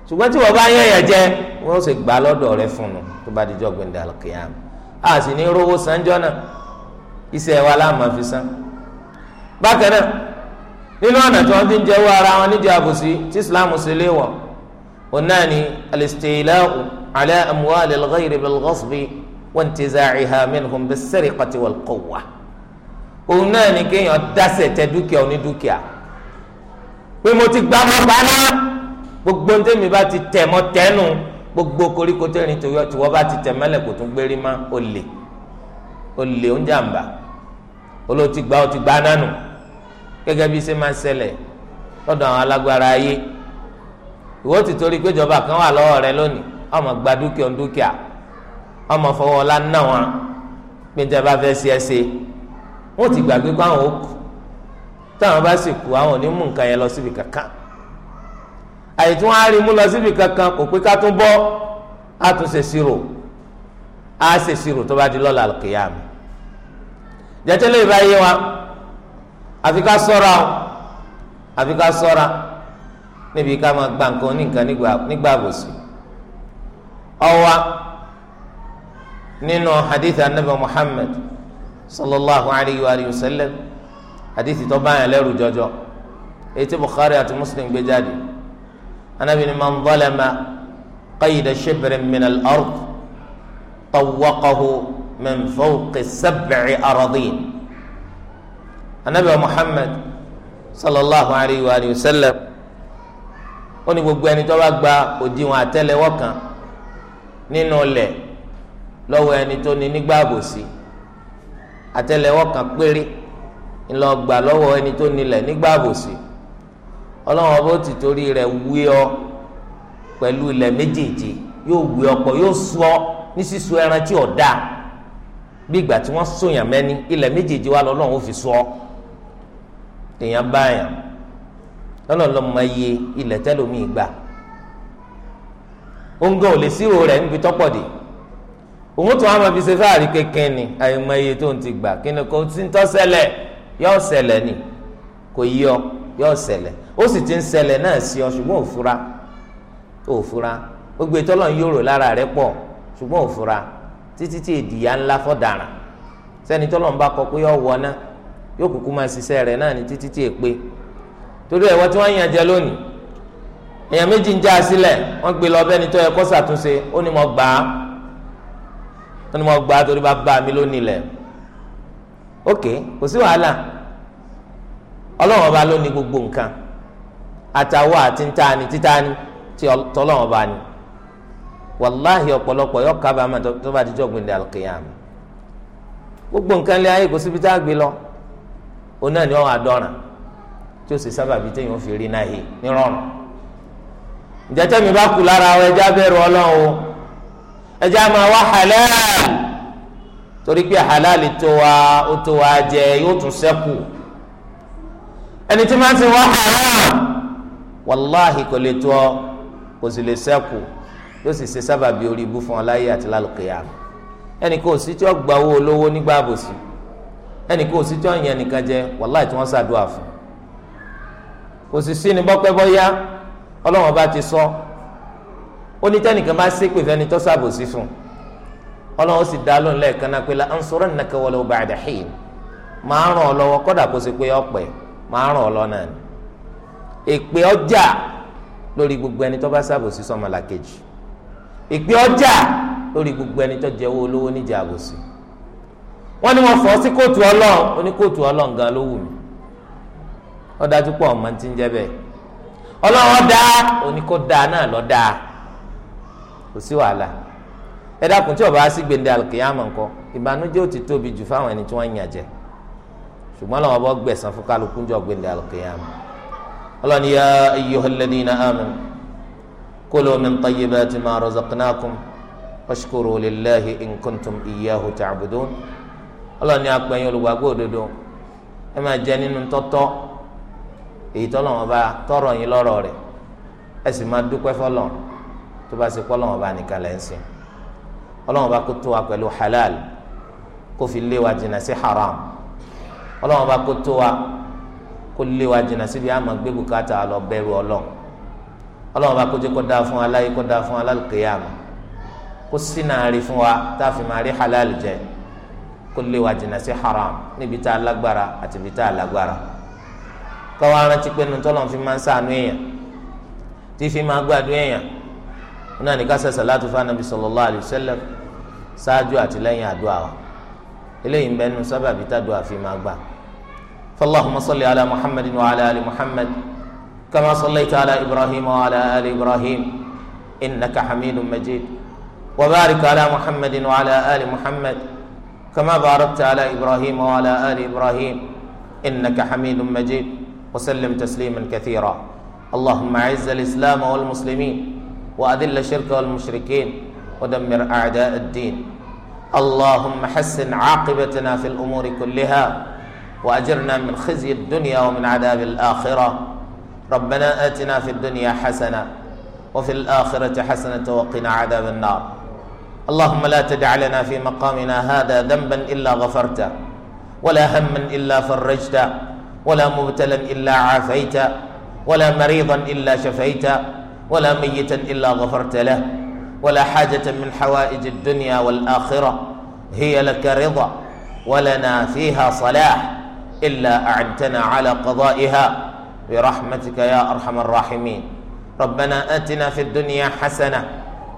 ṣùgbọ́n tí wọ́n bá yàn yàn jẹ wọ́n sì gbà lọ́dọ̀ fún un tó bá a nínú ọ̀nà tí wọ́n fi ń jẹ́wọ́ ara wọn nídìí àbòsí tí islam ṣe léwọ̀ òun náà ni al-istilau ala amwali al-ghayri bil-ghasbi wa intiza'iha minhum bis-sariqati wal-quwwa òun náà ni kéèyàn dásẹ̀ tẹ dúkìá onídúkìá pé mo ti gbá mọ́ gbaná gbogbo ní tèmi bá ti tẹ̀ mọ́ tẹ́nu gbogbo koríko tẹ́rin tiwọ́ bá ti tẹ̀ mẹ́lẹ̀ kò tún gbérí má olè olè oúnjàmbá olóòtí gbá ó ti gbá nánu gẹ́gẹ́ bí ṣe máa ń ṣẹlẹ̀ lọ́dọ̀ àwọn alágbára ayé ìwọ ti torí pé ìjọba kan wà lọ́wọ́ rẹ lónìí ọmọ gba dúkìá ń dúkìá ọmọ fọwọ́ ọlá náà wọn pé níta bá fẹ́ ṣe ẹ ṣe wọn ti gbàgbé pé àwọn ò kù táwọn bá sì kú àwọn ò nǹkan yẹn lọ síbi kankan àyè tí wọn á rí mú lọ síbi kankan kò pé ká tún bọ́ á tún ṣe sírò á ṣe sírò tó bá di lọ́la kìyàmù jẹ́tẹ́lẹ́ ìbáyé wa àfi ká sọ́ra o àfi ká sọ́ra níbi ká máa gba nǹkan oníkan nígbà àbòsí ọwa nínú hadith anabi muhammad sallallahu alayhi wa sallam hadith tó báyà lẹ́rù jọjọ ètò bukhari àti muslim gbé jáde anabi ni man zalama qayda shibrin min al-ard tawwaqahu min fawqi sab'i aradin anabi muhammad sallallahu alayhi wa alihi wa sallam ó ní gbogbo ẹni tó bá gba òdiwọ̀n àtẹ́lẹwọ́ kan nínú ilẹ̀ lọ́wọ́ ẹni tó ní nígbà àbòsí àtẹ́lẹwọ́ kan péré ńlọ gbà lọ́wọ́ ẹni tó nílẹ̀ nígbà àbòsí ọlọ́run ọba ó ti torí rẹ̀ wí ọ pẹ̀lú ilẹ̀ méjèèjì yóò wí ọ̀pọ̀ yóò sọ ní sísun ẹran tí ò dáa bí ìgbà tí wọ́n sòyàn mẹ́ni ilẹ̀ méjèèjì wa lọ́lọ́run ó fi sọ ọ. lèèyàn báyà lọ́lọ́lọ́ mọ iye ilẹ̀ tẹ́lómi ìgbà ongan ò lè sírò rẹ̀ níbi tọ́pọ̀ dé òun tó wà máa fi ṣe fáàrí kékeré ni àìmọ iye tó ń ti gbà kí ni kò tí ń tọ́ sẹlẹ yóò ṣẹlẹ̀ ni kò yí ọ yóò ṣẹlẹ̀ ó sì ti ń ṣẹlẹ̀ náà sí ọ ṣùgbọ́n òfura òfura gbogbo ìtọ́lọ̀ ń yòrò lára rẹ̀ pọ̀ ṣùgbọ́n òfura títí tí èdìyà ńlá fọ́ dàrán sẹ́ni tọ́lọ̀ bá kọ pé yọ wọ náà yóò kúkú máa ṣiṣẹ́ rẹ̀ náà ní títí tí èpè torí ẹ̀wọ́ tí wọ́n yàn jẹ lónìí èèyàn méjì ń já sílẹ̀ wọ́n gbé lọ bẹ́ni tó yẹ kó ṣàtúnṣe ó ní mo gbà á ó ní mo gbogbo nǹkan àtàwọ̀ àti ntaani títaani ni wàláhì ọ̀pọ̀lọpọ̀ yọ kábàámà tó bá gbogbo nǹkan lé ayé kò síbi òun náà ni wọn wà dọràn tí ó sì sábàbí téèyàn fi rí náà yìí nírọ̀rùn ìjẹtẹ mi bá kú lára ọ ẹjẹ abẹrù Ọlọ́run o ẹjẹ a máa wá halal torí pé halal tó wa ó tó wa jẹ yóò tún ṣẹ́kù ẹni tí máa ń sin wá haram wàláhì kò lè tó ọ kò sì lè ṣẹ́kù yóò sì ṣe sábàbí orí ibú fún ọ láyé àti lálùkìyà ẹnì kan sí tí ó gba owó olówó nígbà àbòsí. ẹnì kò sí tí wọ́n yàn nìkan jẹ wàláì tí wọ́n ṣàdúrà fún kò sì sí ni bọ́pẹ́ bá ti sọ ó bá ṣépè fẹ́ni tó ṣàbòsí fún sọ. sì dá lóun lẹ́ẹ̀kan náà pé la ansurannaka walau ba'da hin máa ràn ọ́ lọ́wọ́ kọ́dà kó ṣe pé máa ràn náà ni èpè ọjà lórí gbogbo ẹni tó bá èpè ọjà lórí gbogbo ẹni tó olówó níjà àbòsí. wọ́n ní wọ́n fọ́ sí kóòtù ọlọ́run ó ní kóòtù ọlọ́run gan ló wù mí ó dájú pọ̀ ọmọ tí ń jẹ́ bẹ́ẹ̀ ọlọ́run dá ó ní kó dá náà lọ́ dá kò sí wàhálà ẹ dákun tí ọba sí gbèndé alùkìyàmọ̀ nǹkan ìbànújẹ́ ò ti tóbi jù fáwọn ẹni tí wọ́n ń yànjẹ́ ṣùgbọ́n làwọn bọ́ gbẹ̀sán fún kálukú jọ gbèndé alùkìyàmọ̀ ọlọ́ni ya ayyuhal ladina ọlọ́ni agbẹ̀yìn olùgbàgbọ́ òdodo ẹ máa jẹ nínú tọ́tọ́ èyí tọ́lọ́wọ́n bá tọrọ yín lọ́rọ̀ rẹ̀ ẹ sì máa dúpẹ́ fọlọ́ tó bá ṣe pọ́lọ́wọ́n bá nìkan lẹ́ ń sìn ọlọ́wọ́n bá kó tó wa pẹ̀lú halal kó fi lé wa jìnnà sí haram ọlọ́wọ́n bá kó tó wa kó lé wa jìnnà síbi àmọ́ gbé bùkátà lọ bẹ̀rù ọlọ́wọ́n ọlọ́wọ́n bá kó kó dáa fún wa láyé kó dáa fún wa lálùkèyàmù kó sínú àárín fún wa tá a fi máa rí halal jẹ́ kó lé wa jìnnà sí haram níbi tá a lágbára àti ibi tá a lágbára káwa rántí pé nùtọ́lọ́ fi máa ń sànú èèyàn tí fi máa gbàdúrà èèyàn wọn náà ní ká ṣe salatu fún anabi sallallahu alayhi wa sallam ṣáájú àti lẹ́yìn àdúrà wa eléyìí ń bẹ nu sábàbí tàdúrà fi máa gbà fallahumma salli ala muhammadin wa ala ali muhammad kama sallaita ala ibrahim wa ala ibrahim innaka hamidun majid wa barik ala muhammadin wa ala ali muhammad. كما باركت على ابراهيم وعلى ال ابراهيم انك حميد مجيد وسلم تسليما كثيرا اللهم اعز الاسلام والمسلمين واذل الشرك والمشركين ودمر اعداء الدين اللهم حسن عاقبتنا في الامور كلها واجرنا من خزي الدنيا ومن عذاب الاخره ربنا اتنا في الدنيا حسنه وفي الاخره حسنه وقنا عذاب النار اللهم لا تدع لنا في مقامنا هذا ذنبا إلا غفرته ولا هما إلا فرجته ولا مبتلا إلا عافيته ولا مريضا إلا شفيته ولا ميتا إلا غفرت له ولا حاجة من حوائج الدنيا والآخرة هي لك رضا ولنا فيها صلاح إلا أعنتنا على قضائها برحمتك يا أرحم الراحمين ربنا آتنا في الدنيا حسنة